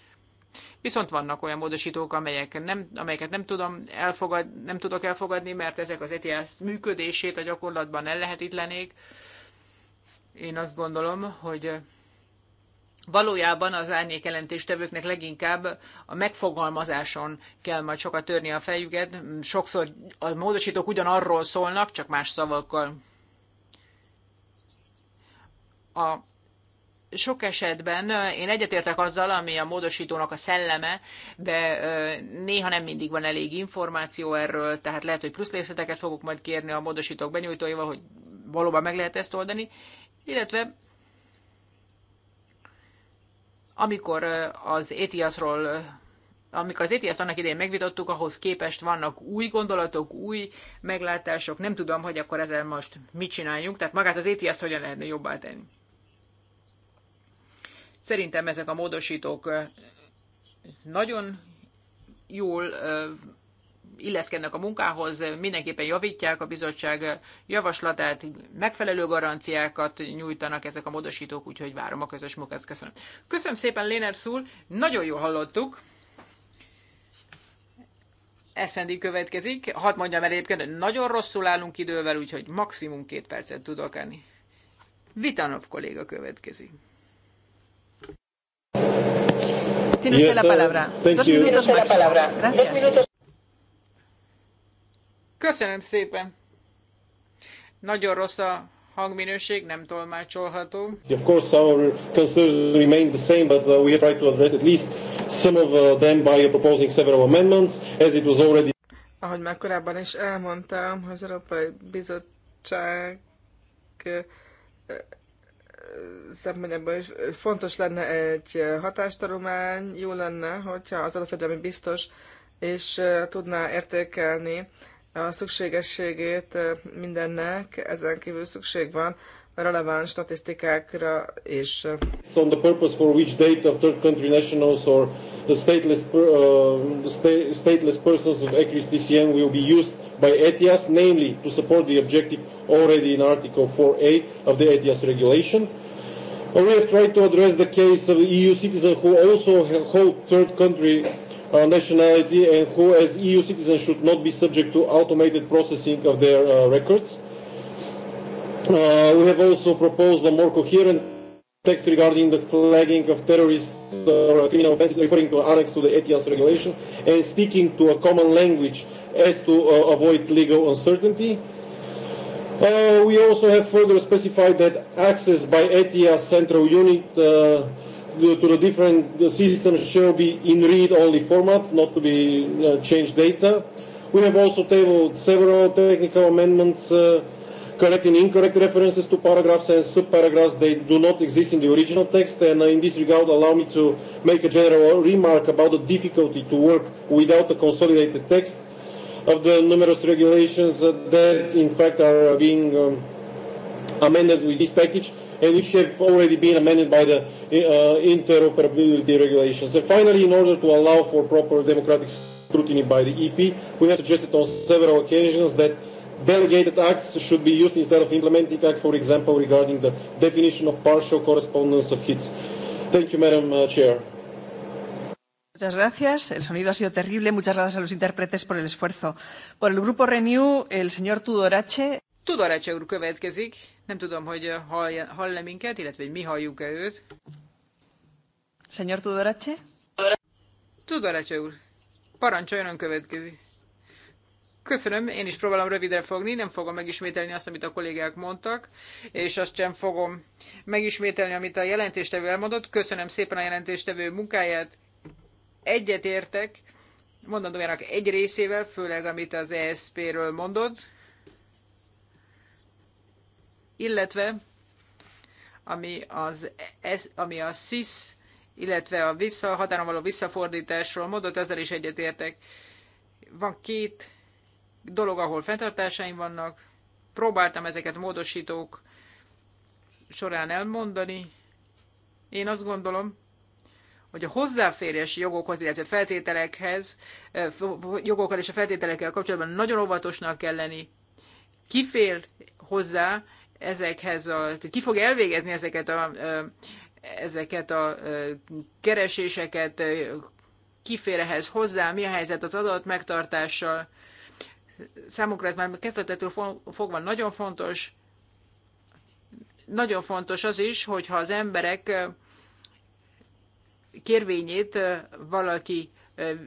Viszont vannak olyan módosítók, amelyek nem, amelyeket nem, tudom elfogad, nem tudok elfogadni, mert ezek az ETS működését a gyakorlatban ellehetetlenék. Én azt gondolom, hogy valójában az árnyék jelentéstevőknek leginkább a megfogalmazáson kell majd sokat törni a fejüket. Sokszor a módosítók ugyanarról szólnak, csak más szavakkal. A sok esetben én egyetértek azzal, ami a módosítónak a szelleme, de néha nem mindig van elég információ erről, tehát lehet, hogy plusz részleteket fogok majd kérni a módosítók benyújtóival, hogy valóban meg lehet ezt oldani, illetve amikor az ETIAS-ról amikor az ETS annak idején megvitattuk, ahhoz képest vannak új gondolatok, új meglátások, nem tudom, hogy akkor ezzel most mit csináljunk, tehát magát az ETS hogyan lehetne jobbá tenni. Szerintem ezek a módosítók nagyon jól illeszkednek a munkához, mindenképpen javítják a bizottság javaslatát, megfelelő garanciákat nyújtanak ezek a módosítók, úgyhogy várom a közös munkát. Köszönöm. Köszönöm szépen, Léner Szul, nagyon jól hallottuk. Eszendi következik. Hadd mondjam el egyébként, nagyon rosszul állunk idővel, úgyhogy maximum két percet tudok enni. Vitanov kolléga következik. Tiene usted la palabra. Dos minutos la palabra. Dos minutos. Köszönöm szépen. Nagyon rossz a hangminőség, nem tolmácsolható. Of course our concerns remain the same, but uh, we try to address at least some of uh, them by proposing several amendments, as it was already... Ahogy már korábban is elmondtam, az Európai Bizottság uh, szempontjából is fontos lenne egy hatástanulmány, jó lenne, hogyha az alapvetően biztos, és tudná értékelni a szükségességét mindennek, ezen kívül szükség van releváns statisztikákra és on the purpose for which data of third country nationals or the stateless, uh, stateless persons of ECRIS TCN will be used by ETIAS, namely to support the objective already in Article 4A of the ETIAS regulation. Uh, we have tried to address the case of EU citizens who also hold third country uh, nationality and who as EU citizens should not be subject to automated processing of their uh, records. Uh, we have also proposed a more coherent text regarding the flagging of terrorist or uh, criminal offenses referring to annex to the ETIAS regulation and sticking to a common language as to uh, avoid legal uncertainty. Uh, we also have further specified that access by ETIAS central unit uh, to the different systems shall be in read-only format, not to be uh, changed data. We have also tabled several technical amendments uh, correct and incorrect references to paragraphs and subparagraphs. They do not exist in the original text. And in this regard, allow me to make a general remark about the difficulty to work without a consolidated text of the numerous regulations that, in fact, are being um, amended with this package and which have already been amended by the uh, interoperability regulations. And finally, in order to allow for proper democratic scrutiny by the EP, we have suggested on several occasions that Delegated acts should be used instead of implementing acts, for example, regarding the definition of partial correspondence of hits. Thank you, Madam uh, Chair. Muchas gracias. El sonido ha sido terrible. Muchas gracias a los intérpretes por el esfuerzo. Por el grupo Renew, el señor Tudorache. Tudorache úr következik. Nem tudom, hogy hall, uh, hall minket, illetve hogy mi halljuk-e őt. Señor Tudorache? Tudorache úr, parancsoljon, következik. Köszönöm, én is próbálom rövidre fogni, nem fogom megismételni azt, amit a kollégák mondtak, és azt sem fogom megismételni, amit a jelentéstevő elmondott. Köszönöm szépen a jelentéstevő munkáját, egyetértek mondandójának egy részével, főleg amit az ESP-ről mondott, illetve ami, az, ez, ami a SIS, illetve a vissza, határon való visszafordításról mondott, ezzel is egyetértek. Van két dolog, ahol fenntartásaim vannak. Próbáltam ezeket módosítók során elmondani. Én azt gondolom, hogy a hozzáférési jogokhoz, illetve feltételekhez, eh, jogokkal és a feltételekkel kapcsolatban nagyon óvatosnak kell lenni. Ki fél hozzá ezekhez a, ki fog elvégezni ezeket a, eh, ezeket a eh, kereséseket, ki fér ehhez hozzá, mi a helyzet az adat megtartással, számukra ez már kezdetetől fogva nagyon fontos. Nagyon fontos az is, hogyha az emberek kérvényét valaki,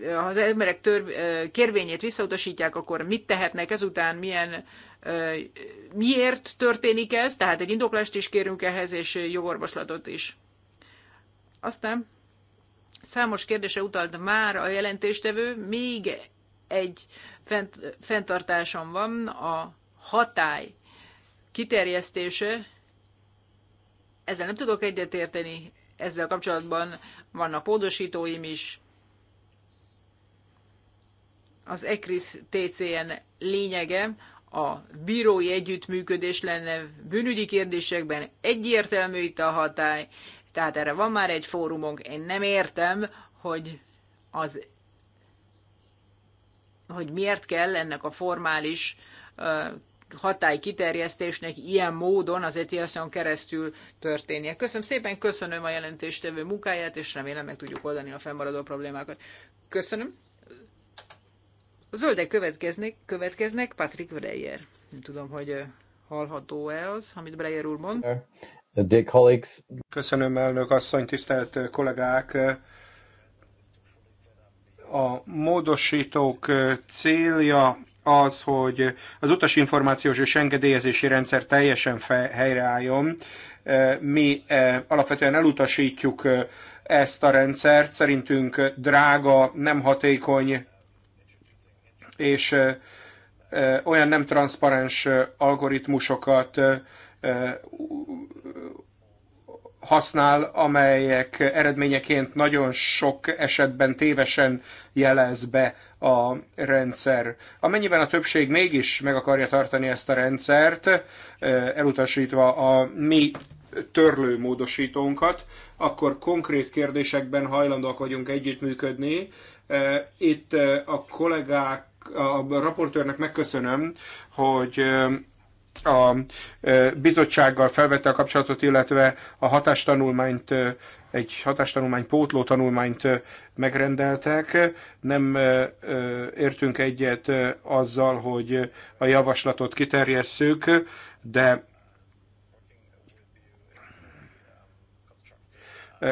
ha az emberek törv, kérvényét visszautasítják, akkor mit tehetnek ezután, milyen, miért történik ez, tehát egy indoklást is kérünk ehhez, és jogorvoslatot is. Aztán számos kérdése utalt már a jelentéstevő, még egy fent, fenntartásom van, a hatály kiterjesztése, ezzel nem tudok egyetérteni, ezzel kapcsolatban vannak pódosítóim is, az ECRIS TCN lényege a bírói együttműködés lenne bűnügyi kérdésekben, egyértelmű itt a hatály, tehát erre van már egy fórumunk, én nem értem, hogy az hogy miért kell ennek a formális hatály kiterjesztésnek ilyen módon az ets keresztül történnie. Köszönöm szépen, köszönöm a jelentéstevő munkáját, és remélem meg tudjuk oldani a fennmaradó problémákat. Köszönöm. A zöldek következnek, következnek Patrick Breyer. Nem tudom, hogy hallható-e az, amit Breyer úr mond. Dear colleagues. Köszönöm, elnök asszony, tisztelt kollégák. A módosítók célja az, hogy az utas információs és engedélyezési rendszer teljesen helyreálljon. Mi alapvetően elutasítjuk ezt a rendszert, szerintünk drága, nem hatékony és olyan nem transzparens algoritmusokat használ, amelyek eredményeként nagyon sok esetben tévesen jelez be a rendszer. Amennyiben a többség mégis meg akarja tartani ezt a rendszert, elutasítva a mi törlőmódosítónkat, akkor konkrét kérdésekben hajlandóak vagyunk együttműködni. Itt a kollégák, a raportőrnek megköszönöm, hogy a bizottsággal felvette a kapcsolatot, illetve a hatástanulmányt, egy hatástanulmány pótló tanulmányt megrendeltek. Nem értünk egyet azzal, hogy a javaslatot kiterjesszük, de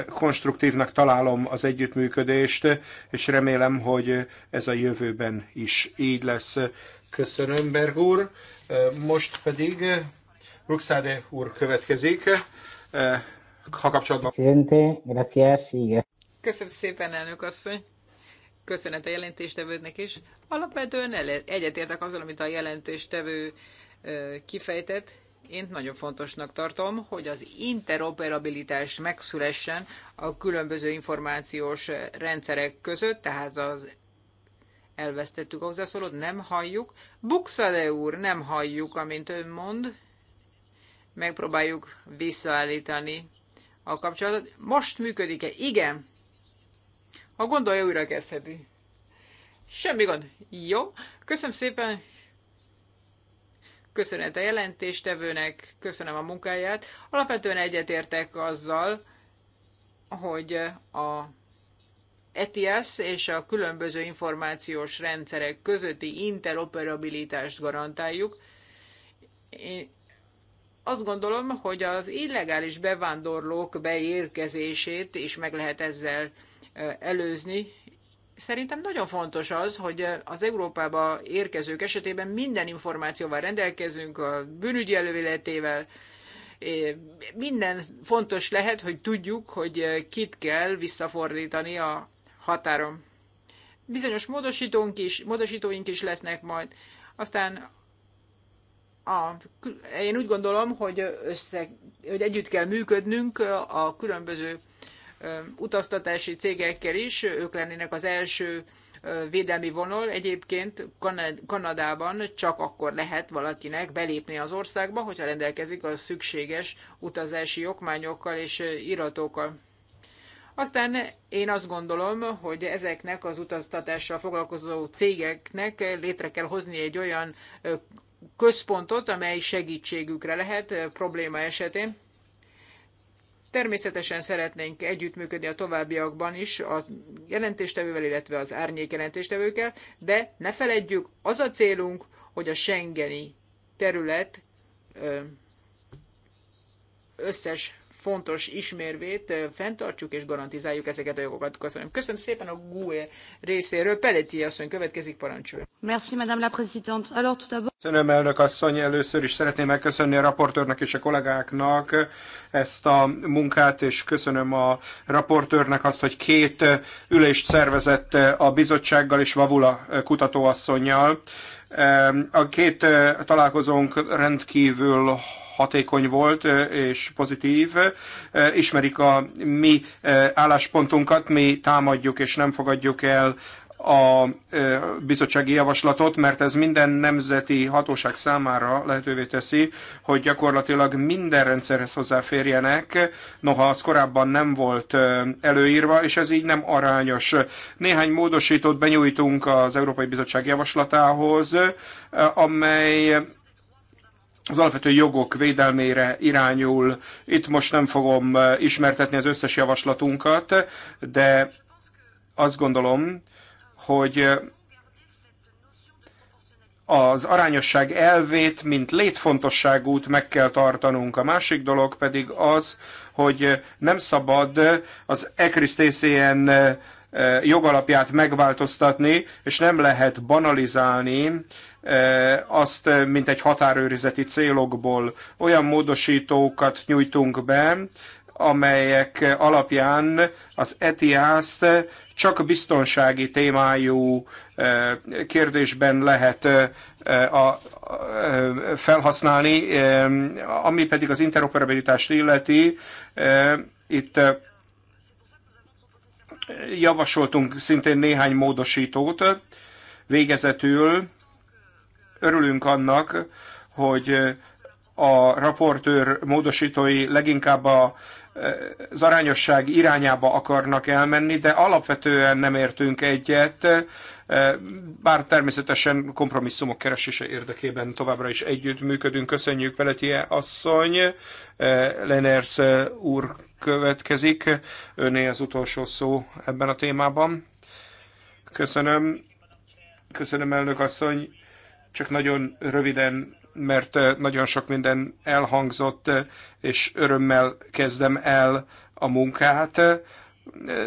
konstruktívnak találom az együttműködést, és remélem, hogy ez a jövőben is így lesz. Köszönöm, Berg úr. Most pedig Ruxáde úr következik. Ha kapcsolatban... Köszönöm szépen, elnök asszony. Köszönet a jelentéstevőnek is. Alapvetően egyetértek azzal, amit a jelentéstevő kifejtett. Én nagyon fontosnak tartom, hogy az interoperabilitás megszülessen a különböző információs rendszerek között, tehát az Elvesztettük a hozzászólót, nem halljuk. Buxade úr, nem halljuk, amint ön mond. Megpróbáljuk visszaállítani a kapcsolatot. Most működik-e? Igen. Ha gondolja, újra kezdheti. Semmi gond. Jó. Köszönöm szépen. Köszönet a jelentéstevőnek, köszönöm a munkáját. Alapvetően egyetértek azzal, hogy a ETIAS és a különböző információs rendszerek közötti interoperabilitást garantáljuk. Én azt gondolom, hogy az illegális bevándorlók beérkezését is meg lehet ezzel előzni. Szerintem nagyon fontos az, hogy az Európába érkezők esetében minden információval rendelkezünk, a bűnügyi előéletével, minden fontos lehet, hogy tudjuk, hogy kit kell visszafordítani a határon. Bizonyos módosítónk is, módosítóink is lesznek majd. Aztán a, én úgy gondolom, hogy, össze, hogy együtt kell működnünk a különböző utaztatási cégekkel is, ők lennének az első védelmi vonal. Egyébként Kanadában csak akkor lehet valakinek belépni az országba, hogyha rendelkezik a szükséges utazási okmányokkal és iratokkal. Aztán én azt gondolom, hogy ezeknek az utaztatással foglalkozó cégeknek létre kell hozni egy olyan központot, amely segítségükre lehet probléma esetén. Természetesen szeretnénk együttműködni a továbbiakban is a jelentéstevővel, illetve az árnyék jelentéstevőkkel, de ne feledjük, az a célunk, hogy a Schengeni terület összes fontos ismérvét fenntartsuk és garantizáljuk ezeket a jogokat. Köszönöm. Köszönöm szépen a GUE részéről. Peleti asszony következik parancsol. Merci, madame la présidente. Alors, tout d'abord... Köszönöm, elnök asszony. Először is szeretném megköszönni a raportőrnek és a kollégáknak ezt a munkát, és köszönöm a raportőrnek azt, hogy két ülést szervezett a bizottsággal és Vavula kutatóasszonynal. A két találkozónk rendkívül hatékony volt és pozitív. Ismerik a mi álláspontunkat, mi támadjuk és nem fogadjuk el a bizottsági javaslatot, mert ez minden nemzeti hatóság számára lehetővé teszi, hogy gyakorlatilag minden rendszerhez hozzáférjenek, noha az korábban nem volt előírva, és ez így nem arányos. Néhány módosítót benyújtunk az Európai Bizottság javaslatához, amely az alapvető jogok védelmére irányul. Itt most nem fogom eh, ismertetni az összes javaslatunkat, de azt gondolom, hogy eh, az arányosság elvét, mint létfontosságút meg kell tartanunk. A másik dolog pedig az, hogy eh, nem szabad az ECRIS-TCN jogalapját megváltoztatni, és nem lehet banalizálni azt, mint egy határőrizeti célokból. Olyan módosítókat nyújtunk be, amelyek alapján az ETIAS-t csak biztonsági témájú kérdésben lehet felhasználni, ami pedig az interoperabilitást illeti, itt Javasoltunk szintén néhány módosítót. Végezetül örülünk annak, hogy a raportőr módosítói leginkább a, az arányosság irányába akarnak elmenni, de alapvetően nem értünk egyet E, bár természetesen kompromisszumok keresése érdekében továbbra is együttműködünk. Köszönjük Peletie asszony. E, Leners úr következik. Öné az utolsó szó ebben a témában. Köszönöm. Köszönöm, elnök asszony. Csak nagyon röviden mert nagyon sok minden elhangzott, és örömmel kezdem el a munkát.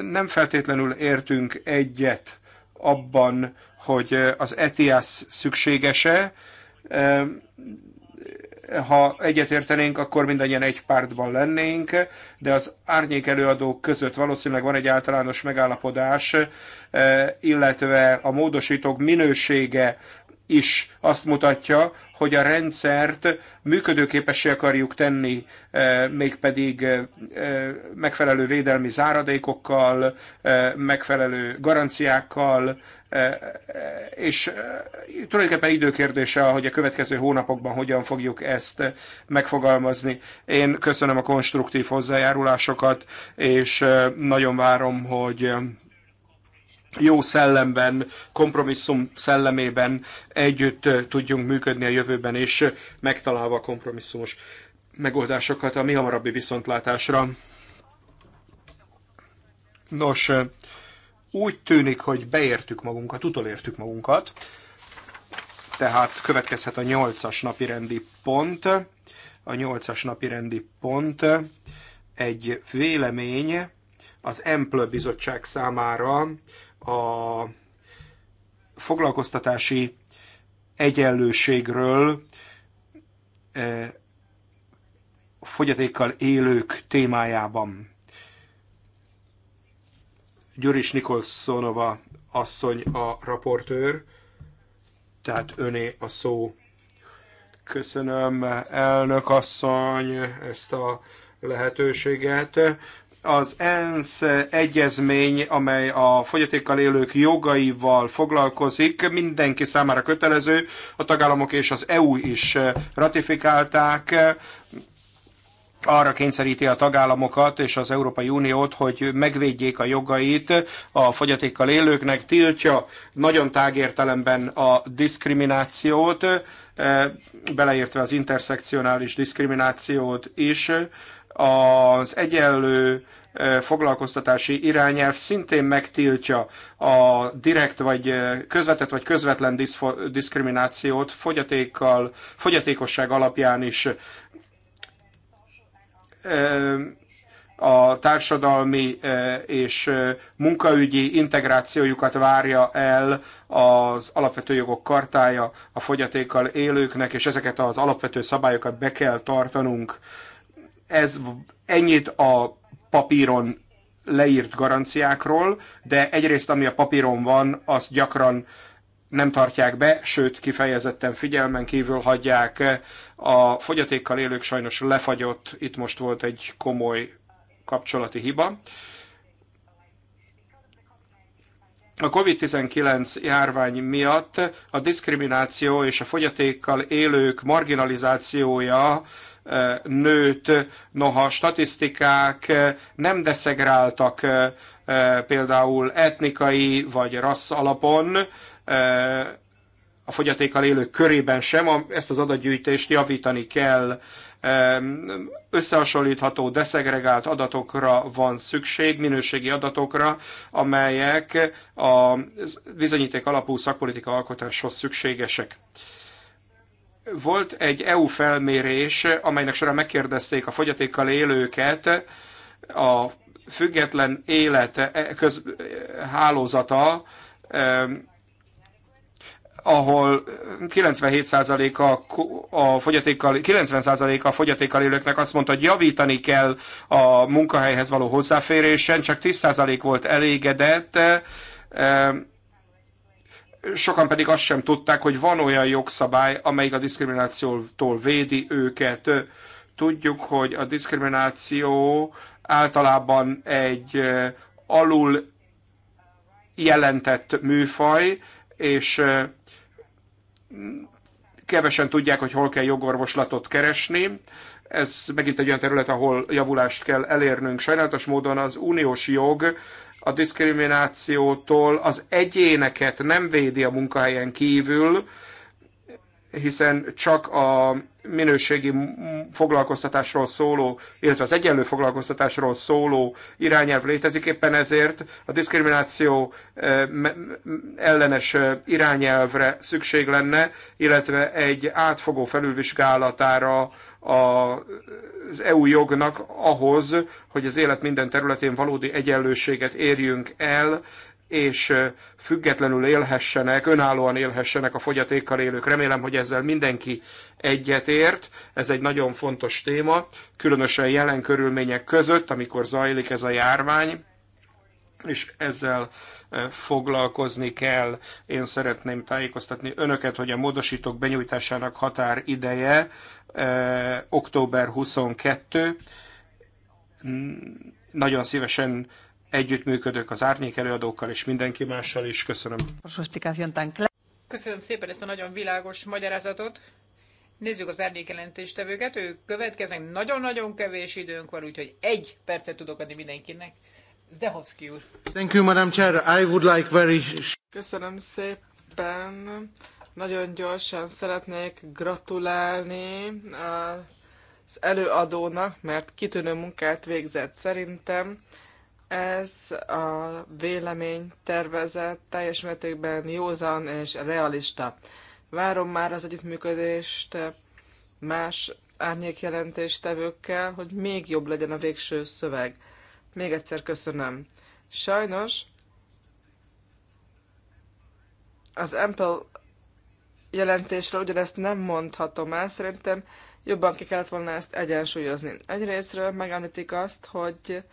Nem feltétlenül értünk egyet abban, hogy az ETIAS szükséges-e. Ha egyetértenénk, akkor mindannyian egy pártban lennénk, de az árnyék előadók között valószínűleg van egy általános megállapodás, illetve a módosítók minősége is azt mutatja, hogy a rendszert működőképessé akarjuk tenni, eh, mégpedig eh, eh, megfelelő védelmi záradékokkal, megfelelő garanciákkal, és tulajdonképpen időkérdése, hogy a következő hónapokban hogyan fogjuk ezt megfogalmazni. Én köszönöm a konstruktív hozzájárulásokat, és nagyon várom, hogy jó szellemben, kompromisszum szellemében együtt tudjunk működni a jövőben, és megtalálva kompromisszumos megoldásokat a mi hamarabbi viszontlátásra. Nos, úgy tűnik, hogy beértük magunkat, utolértük magunkat, tehát következhet a nyolcas napi rendi pont. A nyolcas napi rendi pont egy vélemény az Emplő Bizottság számára a foglalkoztatási egyenlőségről e, fogyatékkal élők témájában. Gyuris Nikolszonova asszony a raportőr, tehát öné a szó. Köszönöm, elnök asszony, ezt a lehetőséget az ENSZ egyezmény, amely a fogyatékkal élők jogaival foglalkozik, mindenki számára kötelező, a tagállamok és az EU is ratifikálták, arra kényszeríti a tagállamokat és az Európai Uniót, hogy megvédjék a jogait a fogyatékkal élőknek, tiltja nagyon értelemben a diszkriminációt, beleértve az interszekcionális diszkriminációt is, az egyenlő eh, foglalkoztatási irányelv szintén megtiltja a direkt vagy eh, közvetett vagy közvetlen diszkriminációt fogyatékkal, fogyatékosság alapján is eh, a társadalmi és munkaügyi integrációjukat várja el az alapvető jogok kartája a fogyatékkal élőknek, és ezeket az alapvető szabályokat be kell tartanunk. Ez ennyit a papíron leírt garanciákról, de egyrészt ami a papíron van, azt gyakran nem tartják be, sőt kifejezetten figyelmen kívül hagyják. A fogyatékkal élők sajnos lefagyott, itt most volt egy komoly kapcsolati hiba. A COVID-19 járvány miatt a diszkrimináció és a fogyatékkal élők marginalizációja nőtt, noha statisztikák nem deszegráltak például etnikai vagy rassz alapon, a fogyatékkal élők körében sem, ezt az adatgyűjtést javítani kell. Összehasonlítható, deszegregált adatokra van szükség, minőségi adatokra, amelyek a bizonyíték alapú szakpolitika alkotáshoz szükségesek. Volt egy EU felmérés, amelynek során megkérdezték a fogyatékkal élőket a független élet e, köz, hálózata, ahol 97%-a a fogyatékkal, 90%-a a fogyatékkal élőknek azt mondta, hogy javítani kell a munkahelyhez való hozzáférésen, csak 10% volt elégedett, sokan pedig azt sem tudták, hogy van olyan jogszabály, amelyik a diszkriminációtól védi őket. Tudjuk, hogy a diszkrimináció általában egy alul jelentett műfaj, és kevesen tudják, hogy hol kell jogorvoslatot keresni. Ez megint egy olyan terület, ahol javulást kell elérnünk. Sajnálatos módon az uniós jog a diszkriminációtól az egyéneket nem védi a munkahelyen kívül, hiszen csak a minőségi foglalkoztatásról szóló, illetve az egyenlő foglalkoztatásról szóló irányelv létezik, éppen ezért a diszkrimináció eh, ellenes eh, irányelvre szükség lenne, illetve egy átfogó felülvizsgálatára az EU jognak ahhoz, hogy az élet minden területén valódi egyenlőséget érjünk el, és függetlenül élhessenek, önállóan élhessenek a fogyatékkal élők. Remélem, hogy ezzel mindenki egyetért. Ez egy nagyon fontos téma, különösen jelen körülmények között, amikor zajlik ez a járvány és ezzel e, foglalkozni kell. Én szeretném tájékoztatni önöket, hogy a módosítók benyújtásának ideje e, október 22. Nagyon szívesen együttműködök az árnyék előadókkal és mindenki mással is. Köszönöm. Köszönöm szépen ezt a nagyon világos magyarázatot. Nézzük az árnyékjelentéstevőket, ők következnek, nagyon-nagyon kevés időnk van, úgyhogy egy percet tudok adni mindenkinek. Zdehovszki úr. Thank you, Madam Chair. I would like very... Köszönöm szépen. Nagyon gyorsan szeretnék gratulálni az előadónak, mert kitűnő munkát végzett szerintem. Ez a vélemény tervezett teljes mértékben józan és realista. Várom már az együttműködést más árnyékjelentéstevőkkel, hogy még jobb legyen a végső szöveg. Még egyszer köszönöm. Sajnos az Apple jelentésre ugyanezt nem mondhatom el, szerintem jobban ki kellett volna ezt egyensúlyozni. Egyrésztről megemlítik azt, hogy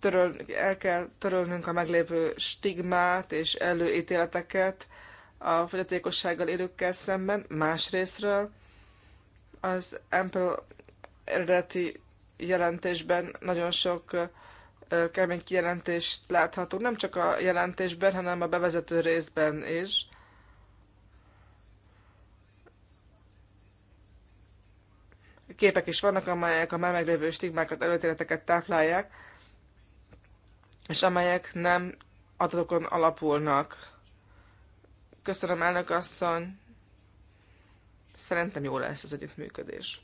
töröl, el kell törölnünk a meglévő stigmát és előítéleteket a fogyatékossággal élőkkel szemben, másrésztről az Apple eredeti jelentésben nagyon sok kemény kijelentést láthatunk, nem csak a jelentésben, hanem a bevezető részben is. Képek is vannak, amelyek a már meglévő stigmákat, előtéleteket táplálják, és amelyek nem adatokon alapulnak. Köszönöm, elnök asszony! Szerintem jó lesz az együttműködés.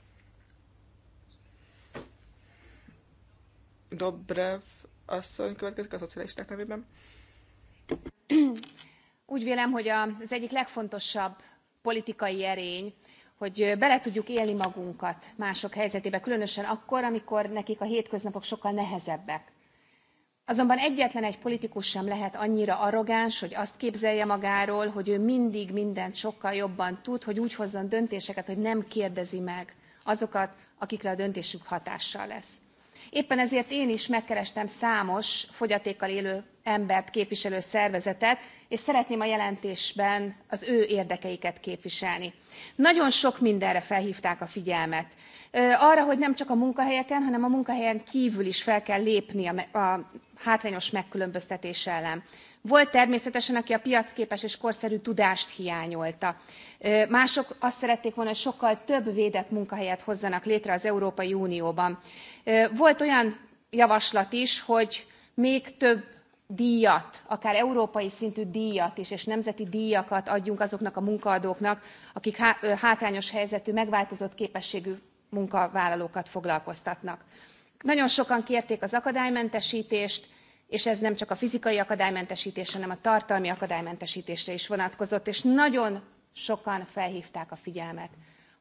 Dobrev asszony következik a szocialisták nevében. Úgy vélem, hogy az egyik legfontosabb politikai erény, hogy bele tudjuk élni magunkat mások helyzetébe, különösen akkor, amikor nekik a hétköznapok sokkal nehezebbek. Azonban egyetlen egy politikus sem lehet annyira arrogáns, hogy azt képzelje magáról, hogy ő mindig mindent sokkal jobban tud, hogy úgy hozzon döntéseket, hogy nem kérdezi meg azokat, akikre a döntésük hatással lesz éppen ezért én is megkerestem számos fogyatékkal élő embert képviselő szervezetet és szeretném a jelentésben az ő érdekeiket képviselni. nagyon sok mindenre felhvták a figyelmet arra hogy nem csak a munkahelyeken hanem a munkahelyen kvül is fel kell lépni a hátrányos megkülönböztetés ellen. Volt természetesen, aki a piacképes és korszerű tudást hiányolta. Mások azt szerették volna, hogy sokkal több védett munkahelyet hozzanak létre az Európai Unióban. Volt olyan javaslat is, hogy még több díjat, akár európai szintű díjat is, és nemzeti díjakat adjunk azoknak a munkaadóknak, akik hátrányos helyzetű, megváltozott képességű munkavállalókat foglalkoztatnak. Nagyon sokan kérték az akadálymentesítést, és ez nem csak a fizikai akadálymentestésre hanem a tartalmi akadálymentestésre is vonatkozott és nagyon sokan felhvták a figyelmet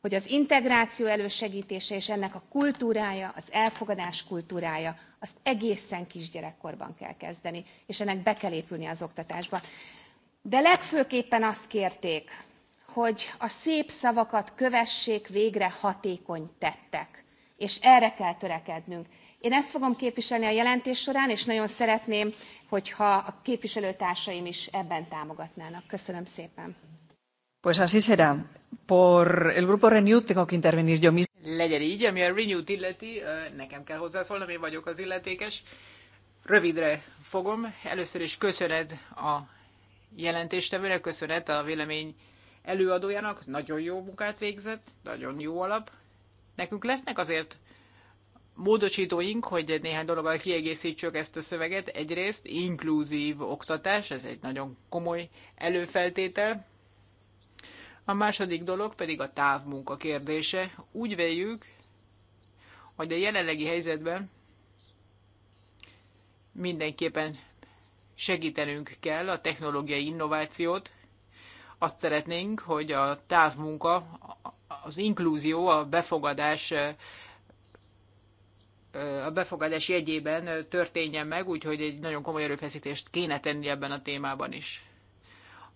hogy az integráció elősegtése és ennek a kultúrája az elfogadás kultúrája azt egészen kisgyerekkorban kell kezdeni és ennek be kell épülnie az oktatásba. de legfőképpen azt kérték hogy a szép szavakat kövessék végre hatékony tettek és erre kell törekednünk. Én ezt fogom képviselni a jelentés során, és nagyon szeretném, hogyha a képviselőtársaim is ebben támogatnának. Köszönöm szépen. Pues así será. Por el grupo Renew tengo que intervenir yo mismo. Legyen így, ami a renew illeti, nekem kell hozzászólnom, én vagyok az illetékes. Rövidre fogom. Először is köszöned a jelentéstevőre, köszönet a vélemény előadójának, nagyon jó munkát végzett, nagyon jó alap, Nekünk lesznek azért módosítóink, hogy néhány dologgal kiegészítsük ezt a szöveget. Egyrészt inkluzív oktatás, ez egy nagyon komoly előfeltétel. A második dolog pedig a távmunka kérdése. Úgy véljük, hogy a jelenlegi helyzetben mindenképpen segítenünk kell a technológiai innovációt. Azt szeretnénk, hogy a távmunka az inklúzió, a befogadás a befogadás jegyében történjen meg, úgyhogy egy nagyon komoly erőfeszítést kéne tenni ebben a témában is.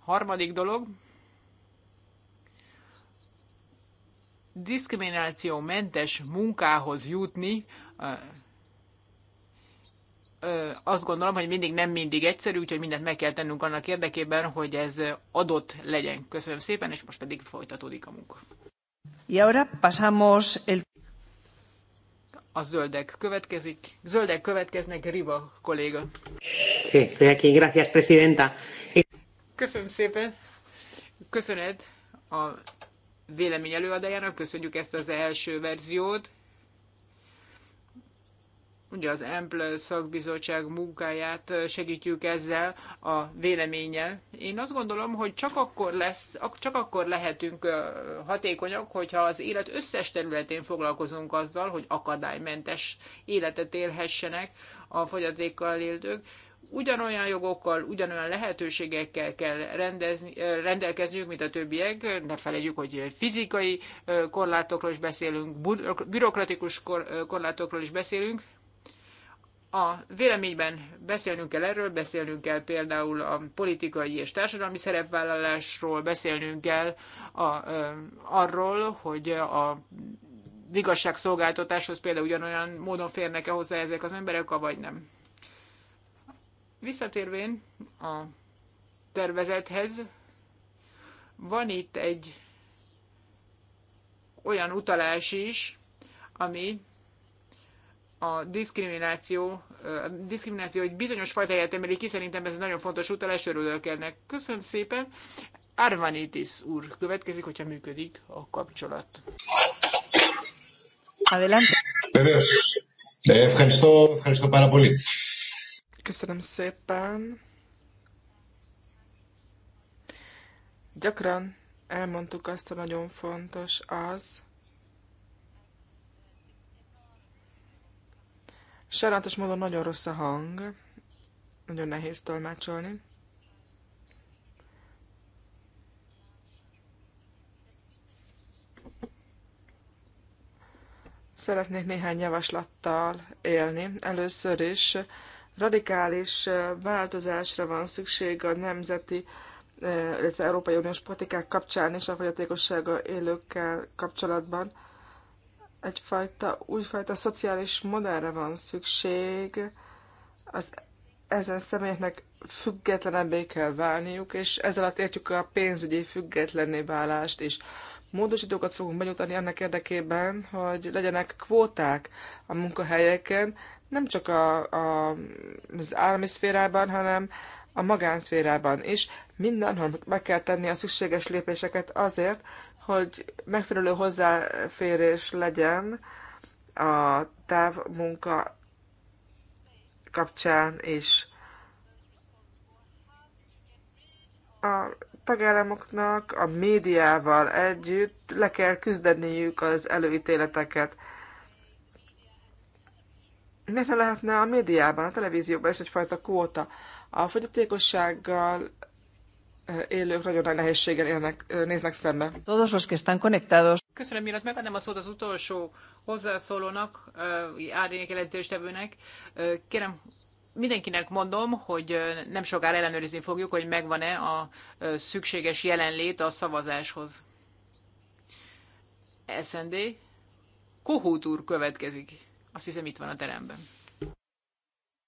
Harmadik dolog, diszkriminációmentes munkához jutni, azt gondolom, hogy mindig nem mindig egyszerű, úgyhogy mindent meg kell tennünk annak érdekében, hogy ez adott legyen. Köszönöm szépen, és most pedig folytatódik a munka. A zöldek következik. Zöldek következnek, Riva kolléga. Köszönöm szépen. Köszönet a vélemény előadájának, köszönjük ezt az első verziót ugye az EMPL szakbizottság munkáját segítjük ezzel a véleménnyel. Én azt gondolom, hogy csak akkor, lesz, csak akkor lehetünk hatékonyak, hogyha az élet összes területén foglalkozunk azzal, hogy akadálymentes életet élhessenek a fogyatékkal éltők. Ugyanolyan jogokkal, ugyanolyan lehetőségekkel kell rendezni, rendelkezniük, mint a többiek. Ne felejtjük, hogy fizikai korlátokról is beszélünk, bürokratikus korlátokról is beszélünk, a véleményben beszélnünk kell erről, beszélnünk kell például a politikai és társadalmi szerepvállalásról, beszélnünk kell a, arról, hogy a igazságszolgáltatáshoz például ugyanolyan módon férnek-e hozzá ezek az emberek, vagy nem. Visszatérvén a tervezethez, van itt egy olyan utalás is, ami a diszkrimináció, a diszkrimináció egy bizonyos fajtáját emeli ki, szerintem ez nagyon fontos utalás, örülök ennek. Köszönöm szépen. Arvanitis úr következik, hogyha működik a kapcsolat. Adelante. Ευχαριστώ, ευχαριστώ πάρα πολύ. Köszönöm szépen. Gyakran elmondtuk azt, hogy nagyon fontos az, Sajnálatos módon nagyon rossz a hang, nagyon nehéz tolmácsolni. Szeretnék néhány javaslattal élni. Először is radikális változásra van szükség a nemzeti, eh, illetve Európai Uniós politikák kapcsán és a fogyatékossággal élőkkel kapcsolatban egyfajta, újfajta szociális modellre van szükség, az ezen személyeknek függetlenebbé kell válniuk, és ezzel alatt értjük a pénzügyi függetlenné válást is. Módosítókat fogunk benyújtani annak érdekében, hogy legyenek kvóták a munkahelyeken, nem csak a, a, az állami szférában, hanem a magánszférában is. Mindenhol meg kell tenni a szükséges lépéseket azért, hogy megfelelő hozzáférés legyen a távmunka kapcsán is. A tagállamoknak a médiával együtt le kell küzdeniük az előítéleteket. Miért lehetne a médiában, a televízióban is egyfajta kóta? A fogyatékossággal élők nagyon nagy nehézséggel élnek, néznek szembe. Todos los que están conectados. Köszönöm, mielőtt megadnám a szót az utolsó hozzászólónak, árnyék jelentőstevőnek. Kérem, mindenkinek mondom, hogy nem sokára ellenőrizni fogjuk, hogy megvan-e a szükséges jelenlét a szavazáshoz. SND, Kohút úr következik. Azt hiszem itt van a teremben.